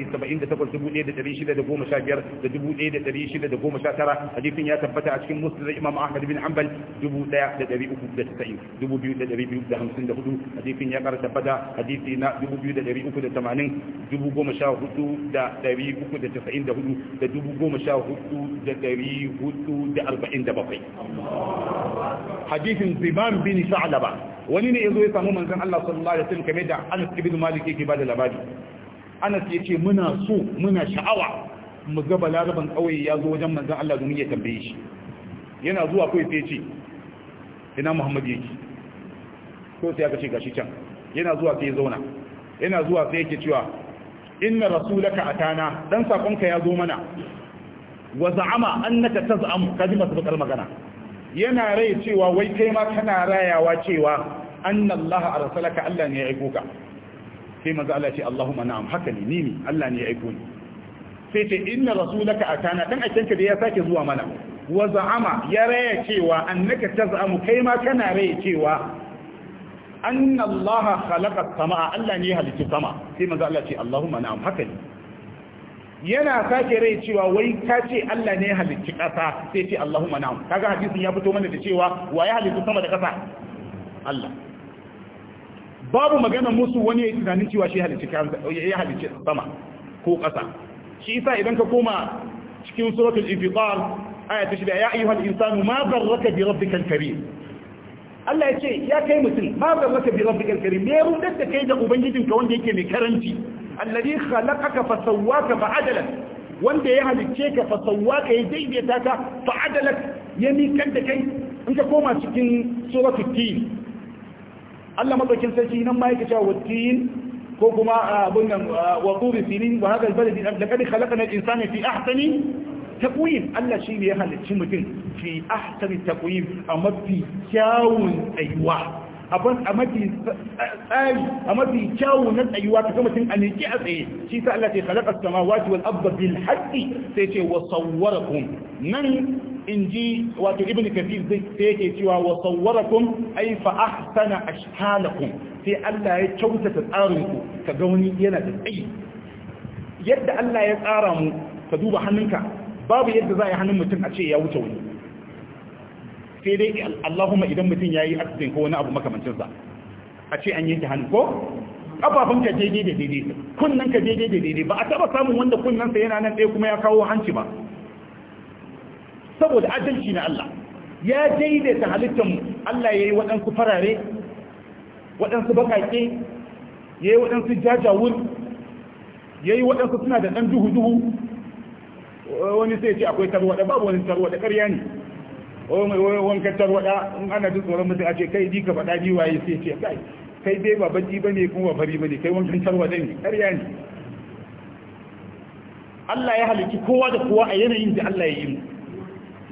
[SPEAKER 1] dubu ɗaya da da da dubu ɗaya da da hadisin ya tabbata a cikin musulun imam ahmad bin hanbal dubu ɗaya da da da da hamsin da hadisin ya ƙara tabbata hadisi na dubu biyu da da da da da da da da da hadisin zimam bin sa'alaba wani ne ya zo ya samu manzon Allah sallallahu alaihi wasallam kamar da Anas ibn Malik yake ba da labari anas ya ce muna so muna sha'awa mu ga laraban ƙauye ya zo wajen manzan Allah domin ya tambaye shi yana zuwa kawai sai ce ina muhammad yake ko sai aka ce gashi can yana zuwa sai ya zauna yana zuwa sai yake cewa inna rasulaka atana dan sakonka ya zo mana wa za'ama annaka taz'amu kaji masu bakar magana yana rai cewa wai kai ma kana rayawa cewa annallaha arsalaka Allah ne ya aiko ka sai manzo Allah ce Allahumma na'am haka ne ni ne Allah ne ya aiko ni sai ce inna rasulaka atana dan aikenka da ya sake zuwa mana wa za'ama ya raya cewa annaka taz'amu kai ma kana raya cewa anna Allah khalaqa samaa Allah ne ya halicci sama sai manzo Allah ce Allahumma na'am haka ne yana sake rai cewa wai ka ce Allah ne ya halicci kasa sai ce Allahumma na'am kaga hadisin ya fito mana da cewa wa ya halicci sama da kasa. Allah babu magana musu wani ya tunanin cewa shi ya halicci sama ko ƙasa shi isa idan ka koma cikin suratul infitar aya ta shida ya ayyuhal insanu ma barraka bi rabbikal karim Allah ya ce ya kai mutum ma barraka bi rabbikal karim me rudar da kai da ka wanda yake mai karanci alladhi khalaqaka fa sawwaka fa adalak wanda ya halicce ka fa sawwaka ya daidaita ka fa adalak ya mikan da kai in ka koma cikin suratul tin Allah madaukin sarki nan ma yake cewa wattin ko kuma ah, abun nan ah, wa turi sinin wa hada albaladi laqad khalaqna al-insana fi ahsani taqwim Allah shi ne ya halicci mutum fi ahsani taqwim a mafi kyawun tsayuwa abin a mafi eh, tsari a mafi kyawu na tsayuwa ta mutum a neke a tsaye shi sa Allah ce khalaqa as-samawati wal arda bil haqqi sai ce wa sawwarakum nan in ji wato ibn kafir zai yake cewa wa sawwarakum ay fa ahsana ashkalakum sai Allah ya kyautata tsarin ku ka ga wani yana da tsayi yadda Allah ya tsara mu ka duba hannunka babu yadda za a yi hannun mutum a ce ya wuce wani sai dai Allahumma idan mutum ya yi accident ko wani abu makamancin sa a ce an yanke hannu ko kafafun ka daidai da daidai kunnan ka daidai da daidai ba a taba samun wanda kunnan sa yana nan ɗaya kuma ya kawo hanci ba saboda adalci na Allah ya daidaita halittanmu Allah ya yi waɗansu farare waɗansu baƙaƙe ya yi waɗansu jajawun ya yi waɗansu suna da ɗan duhu-duhu wani sai ce akwai tarwaɗa babu wani tarwaɗa ƙarya ne wankan tarwaɗa in ana jin tsoron mutum a ce kai ji ka faɗa ji waye sai ce kai kai dai ba baƙi ba ne kuma fari ba ne kai wankan tarwaɗa ne ƙarya ne Allah ya halitta kowa da kowa a yanayin da Allah ya yi mu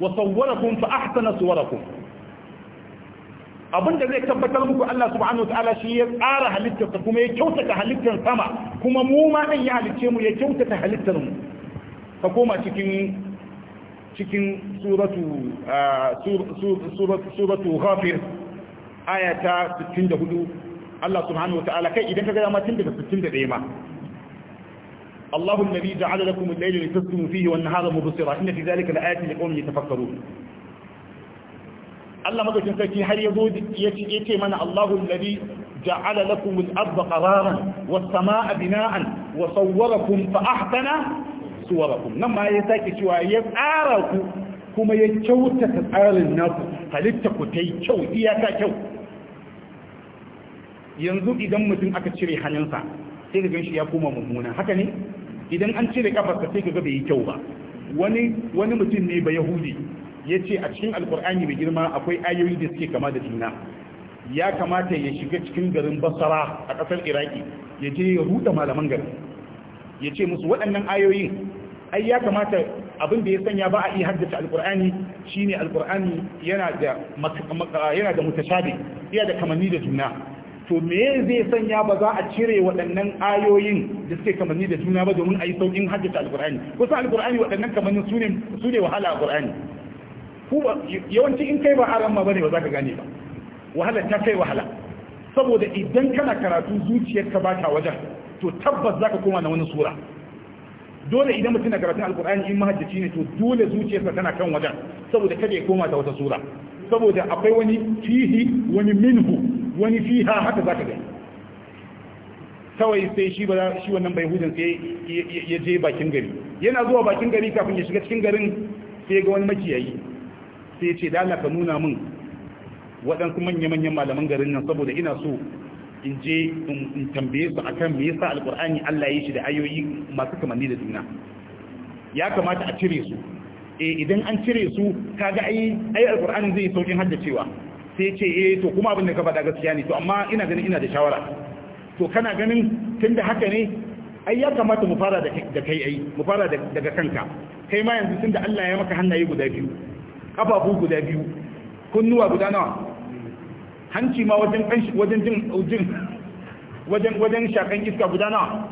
[SPEAKER 1] wa sawwarakum fa ahsana suwarakum abinda zai tabbatar muku Allah subhanahu wataala shi ya tsara halittarsa kuma ya kyautata halittar sama kuma mu ma din ya halicce mu ya kyautata halittar mu ka koma cikin cikin suratu suratu suratu ghafir aya ta 64 Allah subhanahu wataala kai idan ka ga ma tun daga 61 ma الله الذي جعل لكم الليل لتسكنوا فيه والنهار مبصرا إن في ذلك لآيات لقوم يتفكرون الله مدوكين سكي هل يزود يتي من الله الذي جعل لكم الأرض قرارا والسماء بناء وصوركم فأحسن صوركم نما نعم، يساكي شوى يسعاركم كما يتشوت تسعار الناس هل فلتكو تيتشو إياكا شو ينزو إذا مثل أكتشري حننسا sai ga ganshi ya koma mummuna haka ne idan an cire ka sai ka ga bai yi kyau ba wani wani mutum ne ba yahudi ya ce a cikin alkur'ani mai girma akwai ayoyi da suke kama da juna ya kamata ya shiga cikin garin basara a ƙasar iraki ya je ya ruta malaman gari ya ce musu waɗannan ayoyin ai ya kamata abin da ya sanya ba a iya haddace alkur'ani shine alkur'ani yana da yana da mutashabi yana da kamanni da juna to me zai sanya ba za a cire waɗannan ayoyin da suke kamanni da juna ba domin a yi sauƙin haddata alƙur'ani Kusa alƙur'ani waɗannan kamanni su ne wahala alƙur'ani yawanci in kai ba haram ma bane ba za ka gane ba wahala ta kai wahala saboda idan kana karatu zuciyarka ba ta wajen to tabbas za ka koma na wani sura dole idan mutum na karatun alƙur'ani in mahajjaci ne to dole zuciyarsa tana kan wajen saboda kada ya koma ta wata sura saboda akwai wani fihi wani minhu wani fiha haka za ka gani kawai sai shi ba shi wannan bai sai ya je bakin gari yana zuwa bakin gari kafin ya shiga cikin garin sai ga wani makiyayi sai ya ce da ka nuna min waɗansu manya-manyan malaman garin nan saboda ina so in je in tambaye su akan me yasa alkur'ani Allah ya shi da ayoyi masu kamanni da juna ya kamata a cire su eh idan an cire su kaga ai ai alkur'ani zai saukin haddacewa sai ce eh to kuma abin da ka faɗa gaskiya ne to amma ina ganin ina da shawara to kana ganin tunda haka ne ai ya kamata mu fara da kai ai mu fara daga kanka kai ma yanzu tunda Allah ya maka hannaye guda biyu kafafu guda biyu kunnuwa guda nawa hanci ma wajen wajen jin wajen wajen shakan iska guda nawa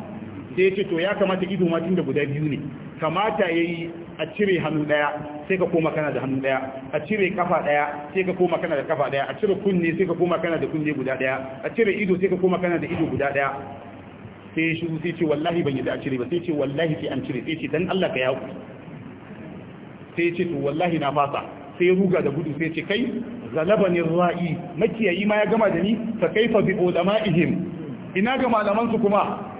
[SPEAKER 1] sai ya ce to ya kamata ido ma tun da guda biyu ne kamata ya yi a cire hannu ɗaya sai ka koma kana da hannu ɗaya a cire kafa ɗaya sai ka koma kana da kafa ɗaya a cire kunne sai ka koma kana da kunne guda ɗaya a cire ido sai ka koma kana da ido guda ɗaya sai ya shiru sai ce wallahi ban yi da a cire ba sai ce wallahi sai an cire sai ce dan Allah ka yaku sai ce to wallahi na fasa sai ruga da gudu sai ce kai zalabanin ra'i makiyayi ma ya gama da ni fa kaifa bi ulama'ihim ina ga malaman su kuma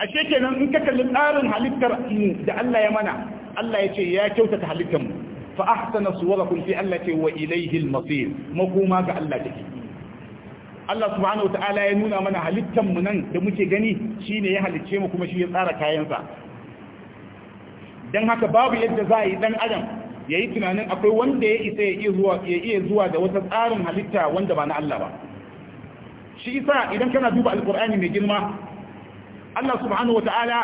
[SPEAKER 1] ashe kenan in ka kalli tsarin halittar mu da Allah ya mana Allah ya ce ya kyautata halittar mu fa ahsana suwarakum fi Allah ce wa ilayhi al-masir makoma ga Allah take Allah subhanahu ta'ala ya nuna mana halittar mu nan da muke gani shine ya halicce mu kuma shi ya tsara kayansa dan haka babu yadda za a yi dan adam yayi tunanin akwai wanda ya isa ya iya zuwa ya iya zuwa da wata tsarin halitta wanda ba na Allah ba shi isa idan kana duba alqur'ani mai girma Allah subhanahu wa ta'ala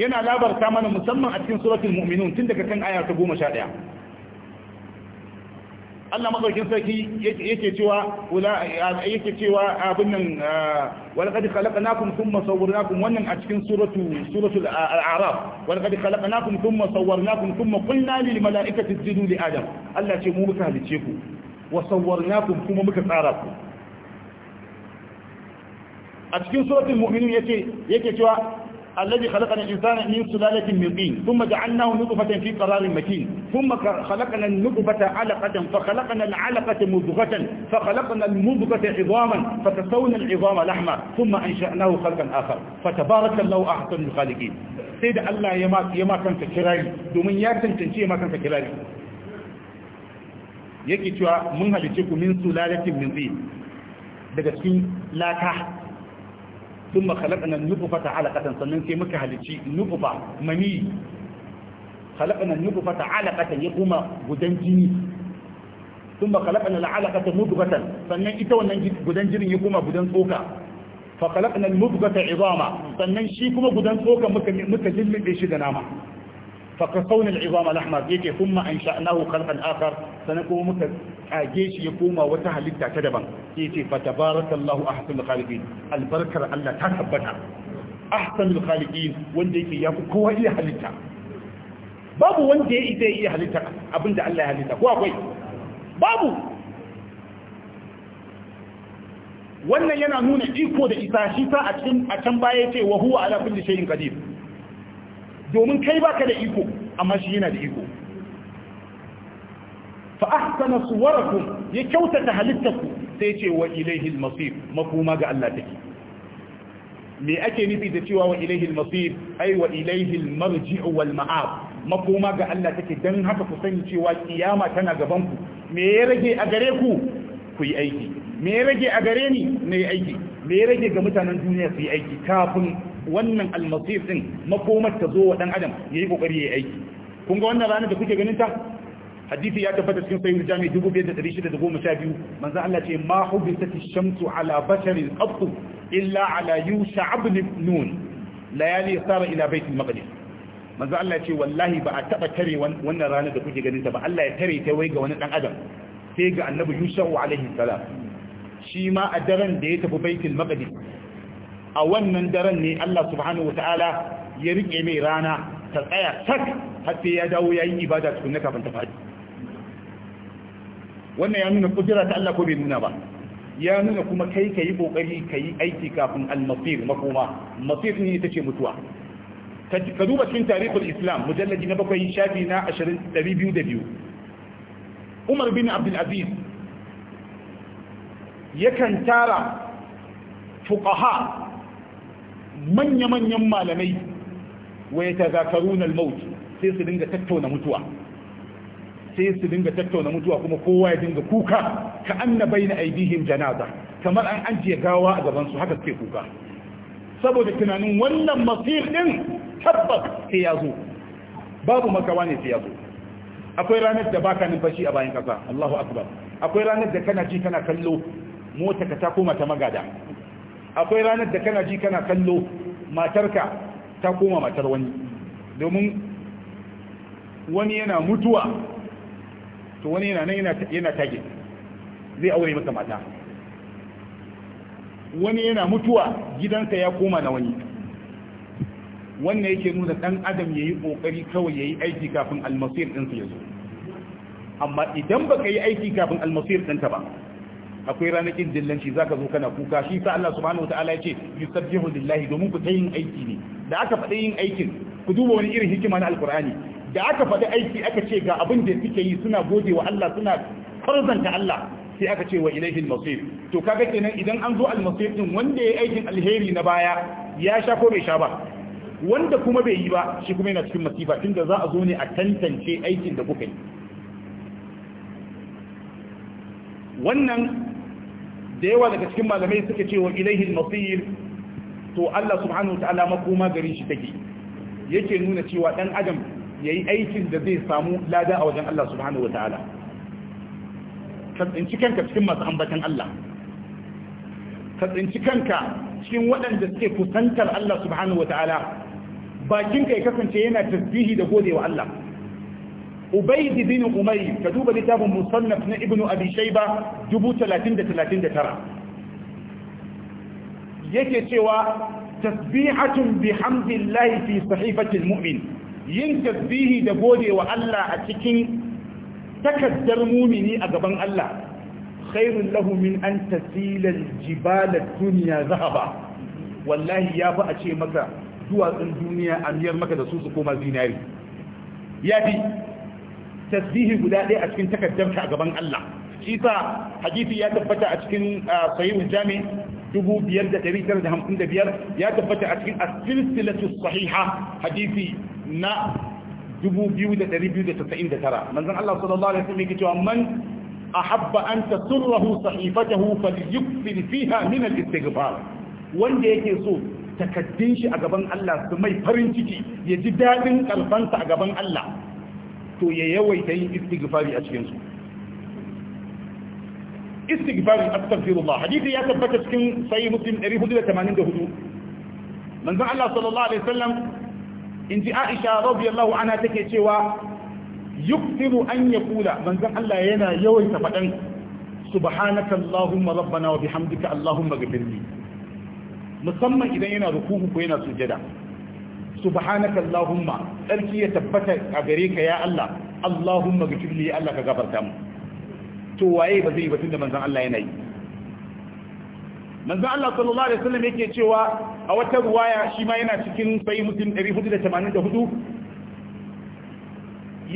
[SPEAKER 1] yana labarta mana musamman a cikin suratul mu'minun tun daga kan aya ta goma sha ɗaya. Allah madaukin sarki yake cewa wala yake cewa abin nan ah, wala qad khalaqnakum thumma sawwarnakum wannan a cikin suratu suratul al-a'raf wala qad khalaqnakum thumma sawwarnakum thumma qulna lil mala'ikati isjudu da adam Allah ce mu muka halice ku wa sawwarnakum kuma muka tsara ku a cikin suratul mu'minun yace yake cewa allazi khalaqa al-insana min sulalatin min tin thumma ja'alnahu nutfatan fi qararin makin thumma khalaqna an-nutfata 'alaqatan fa khalaqna al-'alaqata mudghatan fa khalaqna al-mudghata 'idhaman fa tasawna al-'idhama lahma thumma ansha'nahu khalqan akhar fa tabaraka allahu ahsanul khaliqin sayyid allah yama yama kanta kirari domin ya tantance yama kanta kirari yake cewa mun halice ku min sulalatin min daga cikin lakah sun makalakanan nufufata alaƙatan sannan sai muka halici nufufa mani kalakanan nufufata alaƙatan ya kuma gudan jini sun makalakanan alaƙatan nufufatan sannan ita wannan gudan jinin ya kuma gudan tsoka fakalakanan nufufata sannan shi kuma gudan tsoka shi da nama فقصون العظام الأحمر يجي ثم أنشأناه خلقا آخر سنكون مكة أجيش يقوم وتهلت كدبا يجي فتبارك الله أحسن الخالقين البركة ألا تثبتها أحسن الخالقين وندي في يابو كوا إيه هلتا بابو وندي إيه إيه هلتا أبن دا الله هلتا كوا كوي بابو wannan yana nuna iko da isa shi ta a can baya ce wa huwa ala kulli shay'in qadir domin kai baka da iko amma shi yana da iko fa ahsana suwarakum ya kyautata halittarku sai ce wa ilaihi al-masir makoma ga Allah take me ake nufi da cewa wa ilaihi al-masir ai wa ilaihi al-marji'u wal ma'ab makoma ga Allah take dan haka ku sani cewa kiyama tana gaban ku me ya rage a gare ku ku yi aiki me ya rage a gare ni na yi aiki me ya rage ga mutanen duniya su yi aiki kafin wannan almasir din makomar ta zo wa dan adam yayi kokari yayi aiki kun ga wannan ranar da kuke ganin ta hadisi ya tabbata cikin sahih jami 2612 manzo Allah ce ma hubisati shamsu ala basharin qattu illa ala yusha ibn nun layali sara ila bait al-maqdis manzo Allah ce wallahi ba a taba tare wannan ranar da kuke ganin ta ba Allah ya tare ta wai ga wani dan adam sai ga annabi yusha alaihi salam shi ma a daren da ya tafi baitul maqdis a wannan daren ne Allah subhanahu wataala ya riƙe mai rana ta tsaya tak har ya dawo ya yi ibada na kafin ta faɗi. wannan ya nuna kudura ta Allah ko bai nuna ba ya nuna kuma kai ka yi ƙoƙari ka yi aiki kafin al-masir makoma masir ne ita ce mutuwa ka duba cikin tarihul islam mujallaji na bakwai shafi na 22 umar bin Abdul abdulaziz yakan tara fuqaha manya-manyan malamai waya ta zakarun al sai su dinga tattauna mutuwa sai su dinga tattauna mutuwa kuma kowa ya dinga kuka ka annabai na aidihim janaza kamar an ajiye gawa a gaban haka suke kuka saboda tunanin wannan masir din tabbas sai ya zo babu makawa ne sai ya zo akwai ranar da baka numfashi a bayan kasa Allahu akbar akwai ranar da kana ji kana kallo mota ka ta koma ta magada akwai ranar da kana ji kana kallo matarka ta koma matar wani domin wani yana mutuwa to wani yana nan yana tage zai aure masa mata wani yana mutuwa gidansa ya koma na wani wannan yake nuna dan adam ya yi kokari kawai ya yi aiki kafin almasir din sa yazo amma idan baka yi aiki kafin almasir din ta ba akwai ranakin dillanci zaka zo kana kuka shi sa Allah subhanahu wataala ya ce yusabbihu lillahi domin ku yin aiki ne da aka faɗi yin aikin ku duba wani irin hikima na alqur'ani da aka faɗi aiki aka ce ga abin da suke yi suna gode wa Allah suna farzanta Allah sai aka ce wa ilaihi al-masir to kaga kenan idan an zo al-masir din wanda yayi aikin alheri na baya ya sha ko bai sha ba wanda kuma bai yi ba shi kuma yana cikin masifa tunda za a zo ne a tantance aikin da kuka yi wannan da yawa daga cikin malamai suka ce wa ilaihi al-masir to Allah subhanahu wataala makoma gari shi take yake nuna cewa dan adam yayi aikin da zai samu lada a wajen Allah subhanahu wataala ka tsinci kanka cikin masu ambatan Allah ka tsinci kanka cikin waɗanda suke kusantar Allah subhanahu wataala bakin ka ya kasance yana tasbihi da godewa Allah ubaid bin umayy ka duba littafin musannaf na ibnu abi shayba 3039 yake cewa tasbihatun bihamdillahi fi sahifati almu'min yin tasbihi da godewa Allah a cikin takaddar mumini a gaban Allah khairun lahu min an tasila aljibala dunya zahaba wallahi ya a ce maka duwatsun duniya a miyar maka da su su koma zinari ya fi tasbihi guda ɗaya a cikin a gaban Allah shi sa hadisi ya tabbata a cikin sahihul jami ya tabbata a cikin as-silsilatu sahiha hadisi na 2299 manzon Allah sallallahu alaihi wasallam yake cewa man ahabba an tasurrahu sahifatahu fiha min al-istighfar wanda yake so takaddin shi a gaban Allah su mai farin ciki ya ji dadin kalfansa a gaban Allah to ya yawaita yin istighfari a cikin su istighfari astaghfirullah hadisi ya tabbata cikin sahih muslim 484 manzon Allah sallallahu alaihi wasallam inji Aisha radiyallahu anha take cewa yuktiru an yaqula manzon Allah yana yawaita fadan subhanaka allahumma rabbana wa bihamdika allahumma ghfirli musamman idan yana ruku'u ko yana sujada subhanaka allahumma sarki ya tabbata a gare ka ya Allah allahumma gifirli Allah ka gafarta mu to waye ba zai batun da manzon Allah yana yi manzon Allah sallallahu alaihi wasallam yake cewa a wata ruwaya shi ma yana cikin sai muslim 484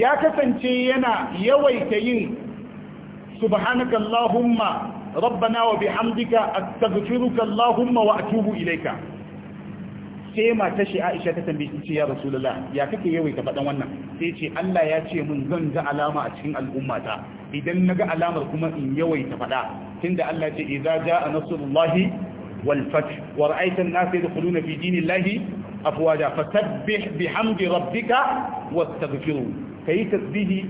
[SPEAKER 1] ya kasance yana yawaita yin subhanaka allahumma rabbana wa bihamdika astaghfiruka allahumma wa atubu ilayka sai mata shi Aisha ta tambaye shi ya Rasulullah ya kake yawai ka faɗan wannan sai ce Allah ya ce mun zan ga alama a cikin al'ummata idan naga alamar kuma in yawai ta faɗa tunda Allah ce idza jaa nasrullahi wal fath wa ra'aita an-nasa yadkhuluna fi dinillahi afwaja fasabbih bihamdi rabbika wastaghfiru kai tasbihi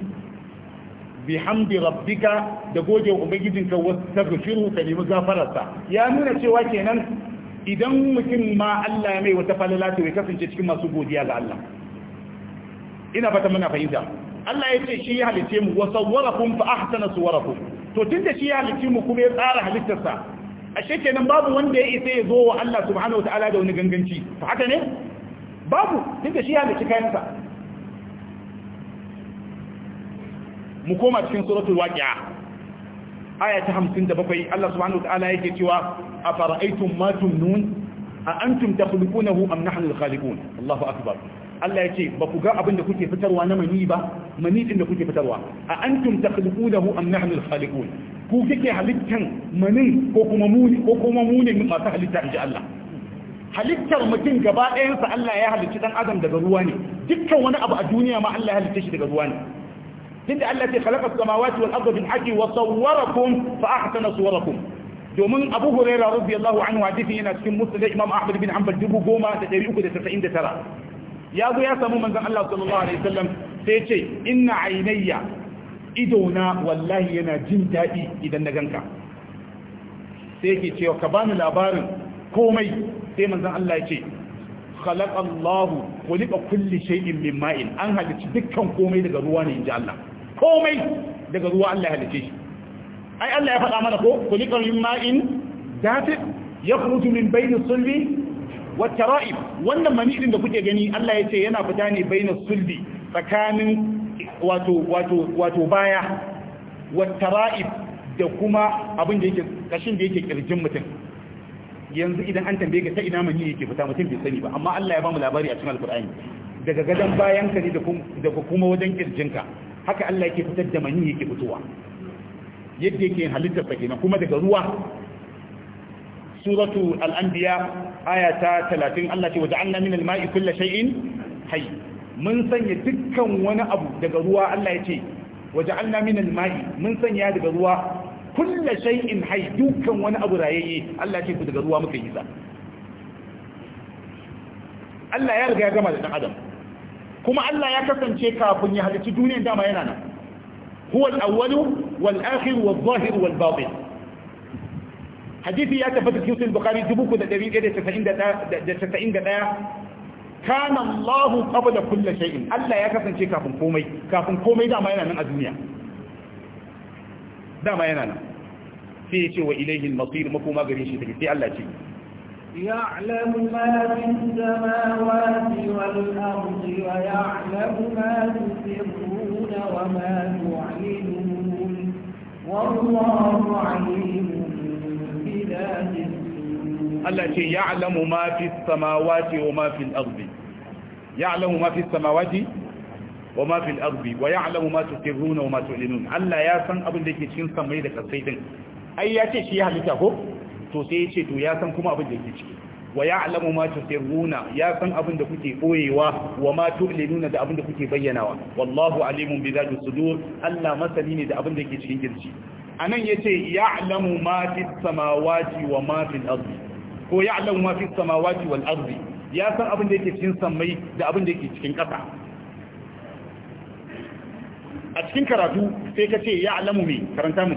[SPEAKER 1] bihamdi rabbika da goge ubangijinka wastaghfiru ka nemi gafararsa ya nuna cewa kenan idan mutum ma Allah ya mai wata falala to ya kasance cikin masu godiya ga Allah ina fata muna fahimta Allah ya ce shi ya halice mu wasu warafin fa ahsana suwarakum to tun tunda shi ya halice mu kuma ya tsara halittarsa ashe kenan babu wanda ya isa ya zo wa Allah subhanahu ta'ala da wani ganganci to haka ne babu tun tunda shi ya halice kayansa mu koma cikin suratul waqi'a aya ta hamsin da bakwai Allah subhanahu wataala yake cewa a fara'aitun matun nun a an tun antum takhluqunahu am nahnu al-khaliqun Allahu akbar Allah ya ce ba ku ga abin da kuke fitarwa na mani ba mani din da kuke fitarwa a an antum takhluqunahu am nahnu al-khaliqun ku kike halittan manin ko kuma mu ko kuma muni ne masu halitta inji Allah halittar mutum gaba ɗayansa Allah ya halicci ɗan adam daga ruwa ne dukkan wani abu a duniya ma Allah ya halicce shi daga ruwa ne tunda Allah ya khalaqa samawati wal arda bil haqqi wa sawwarakum fa ahsana suwarakum domin Abu huraira radiyallahu anhu hadisi yana cikin Muslim Imam Ahmad bin Hanbal 10399 ya zo ya samu manzon Allah sallallahu alaihi wasallam sai ya ce inna aynayya idona wallahi yana jin daɗi idan na ganka sai yake cewa ka bani labarin komai sai manzon Allah ya ce khalaqallahu khuliqa kulli shay'in min ma'in an halicci dukkan komai daga ruwa ne inji Allah komai daga ruwa Allah ya halice shi ai Allah ya faɗa mana ko kulikar yin ma'in dafiq ya kurutu min bayin sulbi wata ra'ib wannan mani'in da kuke gani Allah ya ce yana fita ne bayin sulbi tsakanin wato baya wata ra'ib da kuma abin da yake kashin da yake kirjin mutum yanzu idan an tambaye ka ta ina mani yake fita mutum bai sani ba amma Allah ya bamu labari a cikin alkur'ani daga gadon bayan ka ne da kuma wajen kirjinka haka Allah yake fitar da mani yake fitowa yadda yake halittar sa na kuma daga ruwa suratu al-anbiya aya ta 30 Allah ce waja'alna minal ma'i kulli shay'in hayy mun sanya dukkan wani abu daga ruwa Allah ya ce waja'alna minal ma'i mun sanya daga ruwa kulli shay'in hayy dukkan wani abu rayayye Allah ya ce ku daga ruwa muka yi sa Allah ya riga ya gama da dan adam kuma Allah ya kasance kafin ya halitta duniyar dama yana nan huwa al-awwal wal akhir wal zahir wal batin hadisi ya tabbata cikin bukhari 3191 kana Allah qabla kulli shay'in Allah ya kasance kafin komai kafin komai dama yana nan a duniya dama yana nan sai ya ce wa ilayhi al-masir makoma gare shi take sai Allah ce
[SPEAKER 2] يعلم ما في السماوات والأرض ويعلم ما تسرون وما تعلنون والله عليم بذات
[SPEAKER 1] التي يعلم ما في السماوات وما في الأرض يعلم ما في السماوات وما في الأرض ويعلم ما تسرون وما تعلنون ألا يا سن أبن لكي تنسى ميدك السيدين أي شيء شيئا لتهو to sai ya ce to ya san kuma abin da yake ciki wa ya alamu ma tusirruna ya san abin da kuke boyewa wa ma tu'linuna da abin da kuke bayyanawa wallahu alimun bi dhati sudur Allah masani ne da abin da yake cikin kirci anan yace ya'lamu ma fis samawati wa ma fil ardi ko ya'lamu ma fis samawati wal ardi ya san abin da yake cikin sammai da abin da yake cikin ƙasa a cikin karatu sai ka ce ya alamu me karanta mu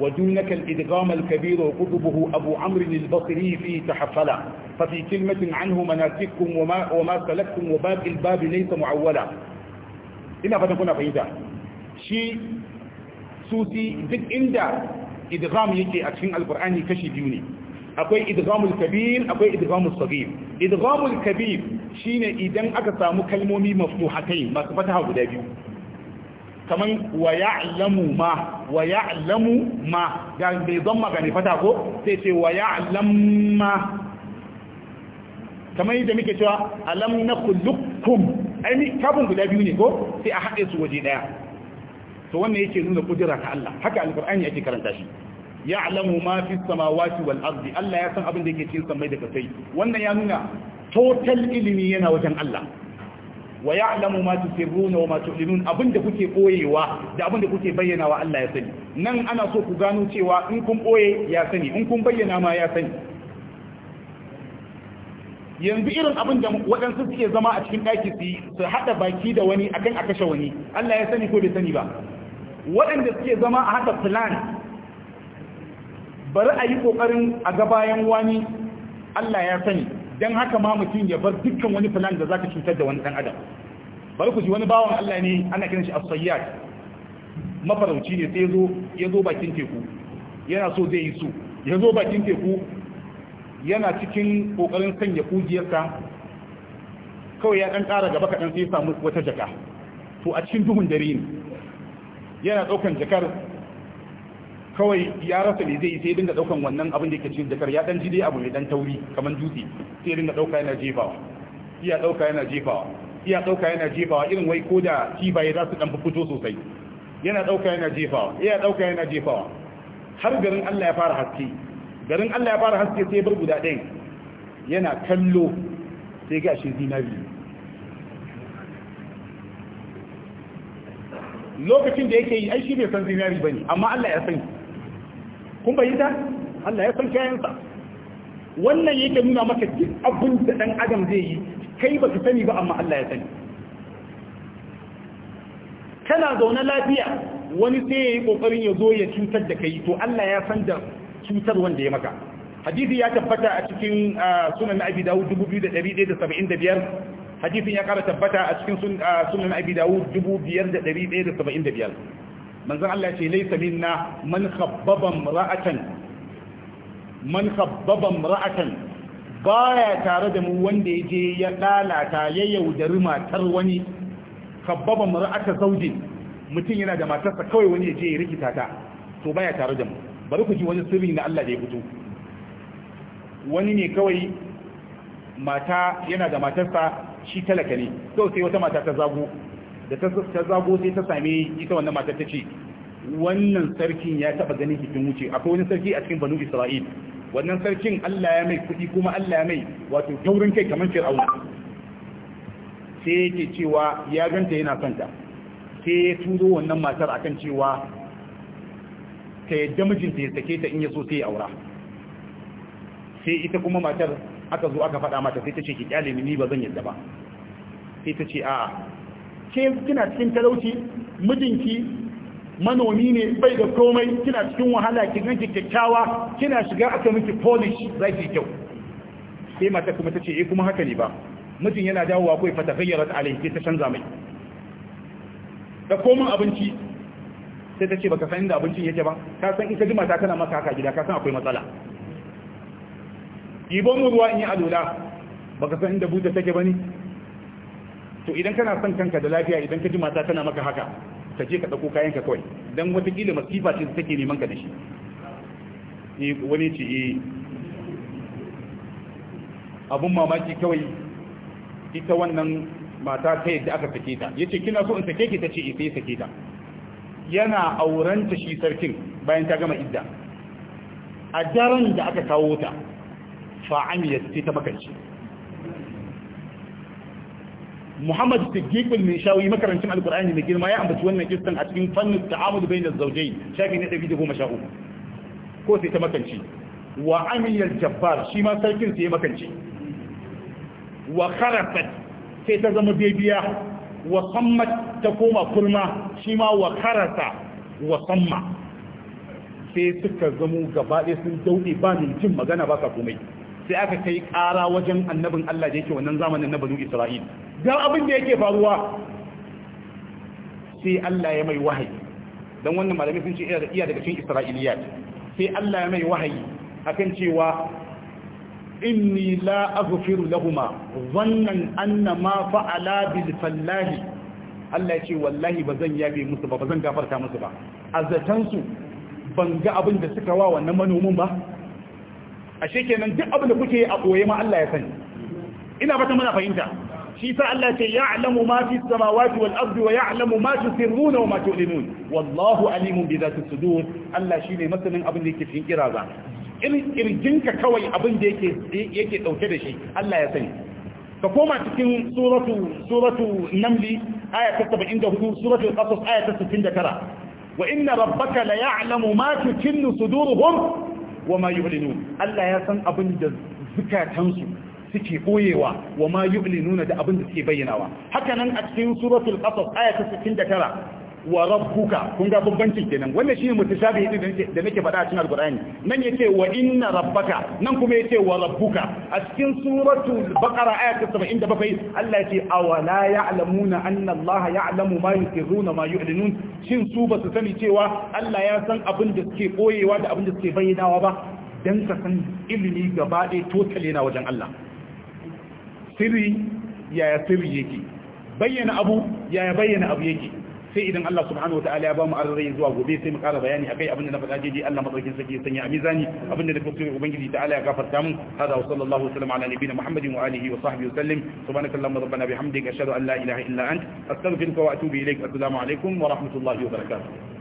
[SPEAKER 1] ودونك الإدغام الكبير وقطبه أبو عمرو البصري في تحفلا ففي كلمة عنه مناسككم وما, وما سلكتم وباب الباب ليس معولا إنا فتكون فإذا شيء سوسي ذك إندا إدغام يكي أكشن القرآن كشي ديوني akwai idghamul kabir akwai idghamul saghir idghamul kabir shine idan aka samu kalmomi maftuhatai masu fataha guda biyu kaman wa ya'lamu ma wa ya'lamu ma ga bai zon magani fata ko sai ce wa ya'lam ma kamar yadda muke cewa alam na Ai aini kabin guda biyu ne ko sai a haɗe su waje ɗaya to wannan yake nuna kudura ta Allah haka alqur'ani yake karanta shi ya'lamu ma fi samawati wal ardi Allah ya san abin da yake cikin samai da kasai wannan ya nuna total ilimi yana wajen Allah wa ya'lamu ma tusirruna wa ma tu'linun abinda kuke koyewa da abinda kuke bayyana wa Allah ya sani nan ana so ku gano cewa in kun koye ya sani in kun bayyana ma ya sani yanzu irin abinda waɗansu suke zama a cikin ɗaki su su haɗa baki da wani akan a kashe wani Allah ya sani ko bai sani ba waɗanda suke zama a haɗa plan bari a yi ƙoƙarin a ga bayan wani Allah ya sani don haka ma mutum ya bar dukkan wani filan da za ka cutar da wani ɗan adam bari ku ji wani bawan Allah ne ana kiran shi as-sayyad mafarauci ne sai yazo yazo bakin teku yana so zai yi su yazo bakin teku yana cikin kokarin sanya kujiyarsa, kawai ya dan ƙara gaba kaɗan sai ya samu wata jaka to a cikin duhun dare ne yana ɗaukan jakar kawai ya rasa me zai sai dinga daukan wannan abin da yake cikin jakar ya dan ji dai abu mai dan tauri kamar dutse sai dinga dauka yana jefawa iya dauka yana jefawa iya dauka yana jefawa irin wai ko da kibaye za su dan fito sosai yana dauka yana jefawa iya dauka yana jefawa har garin Allah ya fara haske garin Allah ya fara haske sai bar guda ɗayan yana kallo sai ga shi zinari lokacin da yake yi ai shi bai san zinari bane amma Allah ya sani kun bayyana Allah ya san kayansa wannan yake nuna maka duk abin da dan adam zai yi kai ka sani ba amma Allah ya sani kana zaune lafiya wani sai yayi kokarin ya zo ya cutar da kai to Allah ya san da cutar wanda ya maka hadisi ya tabbata a cikin sunan abi dawud 2175 hadisin ya kara tabbata a cikin sunan abi dawud 2175 manzon Allah ce laysa minna man khabbaba ra'atan man khabbaba ra'atan baya tare da mu wanda yaje ya lalata ya yaudari matar wani khabbaba ra'ata zauji mutum yana da matarsa kawai wani yaje ya rikita ta to baya tare da mu bari ku ji wani sirri na Allah da ya fito wani ne kawai mata yana da matarsa shi talaka ne to sai wata mata ta zago da ta zago sai ta same ita wannan matar ta ce wannan sarkin ya taba ganin hikin wuce akwai wani sarki a cikin banu isra'il wannan sarkin Allah ya mai kuɗi kuma Allah ya mai wato taurin kai kamar fir'auna sai yake cewa ya ganta yana son ta sai ya turo wannan matar akan cewa ta yadda mijinta ya sake ta in ya so sai ya aura sai ita kuma matar aka zo aka faɗa mata sai ta ce ki kyale ni ba zan yadda ba sai ta ce a'a ke kina cikin talauci mijinki manomi ne bai da komai kina cikin wahala ki ganki kyakkyawa kina shiga aka miki polish zaki kyau sai mata kuma tace eh kuma haka ne ba mijin yana dawowa kai fa taghayyarat alayhi ta canza mai da komai abinci sai tace baka san inda abincin yake ba ka san in ka jima ta kana maka haka gida ka san akwai matsala ibon ruwa in yi alula baka san inda buta take bane to idan kana son kanka da lafiya idan ka ji mata tana maka haka ka je ka dauko kayan ka kawai dan watakila masifa ce take neman ka da shi eh, wani ce eh. abun mamaki kawai ita wannan mata ta yadda aka sake ta yace kina so in sake ki tace eh, ita ya sake ta yana ta shi sarkin bayan ta gama idda a daren da aka kawo ta fa'amiyat sai ta makance Muhammad Siddiq bin Mishawi makarancin Alkur'ani mai girma ya ambaci wannan kistan a cikin fannin ta'amul bainaz zawjayn shafi na 113 ko sai ta makanci wa amiyal jabbar shi ma sarkin sai ya makanci wa kharafat sai ta zama bibiya, wa sammat ta koma kurma shi ma wa kharata wa samma sai suka zamo gaba sun dauɗe ba mai jin magana ba ka komai sai aka kai ƙara wajen annabin Allah da yake wannan zamanin na banu Isra'il dan abin da yake faruwa sai Allah ya mai wahayi dan wannan malamai sun ce iya daga cikin Isra'iliyat sai Allah ya mai wahayi akan cewa inni la aghfiru lahumma dhannan anna fa'ala bil fallahi Allah ya ce wallahi bazan yabe musu ba bazan gafarta musu ba azatan su ban ga abin da suka wa wannan manomin ba ashe kenan duk abin da kuke a koye ma Allah ya sani ina fata muna fahimta shi sa Allah ce ya'lamu ma fi samawati wal ardi wa ya'lamu ma tusirruna wa ma tu'linun wallahu alimun bi dhati sudur Allah shine masanin abin da yake cikin kiraza irin kirjinka kawai abin da yake yake dauke da shi Allah ya sani ka koma cikin suratu suratu namli aya ta 74 suratu qasas aya ta 69 wa inna rabbaka la ya'lamu ma tukinnu suduruhum wa ma yu'linun Allah ya san abin da zukatansu suke koyewa wa ma yu'linuna da abin da suke bayyanawa haka nan a cikin suratul qasas aya ta 69 wa rabbuka kun ga bambancin kenan wanda shine mutashabihi din da nake faɗa a cikin alqur'ani nan yace wa inna rabbaka nan kuma yace wa rabbuka a cikin suratul baqara aya ta 77 Allah yace awala ya'lamuna anna Allah ya'lamu ma yusirruna ma yu'linun shin su ba su sani cewa Allah ya san abin da suke koyewa da abin da suke bayyanawa ba dan ka san ilimi gaba ɗaya totale wajen Allah sirri yaya sirri yake bayyana abu yaya bayyana abu yake sai idan Allah subhanahu wataala ya bamu arrai zuwa gobe sai mu ƙara bayani akai abinda na faɗa jeje Allah madaukin sarki ya sanya a mizani abinda da kuskure ubangiji ta'ala ya gafarta mun hada wa sallallahu alaihi wa sallam ala muhammadin wa alihi wa sahbihi wa sallim subhanakallahumma rabbana bihamdika ashhadu an la ilaha illa ant astaghfiruka wa atubu ilaik assalamu alaikum wa rahmatullahi wa barakatuh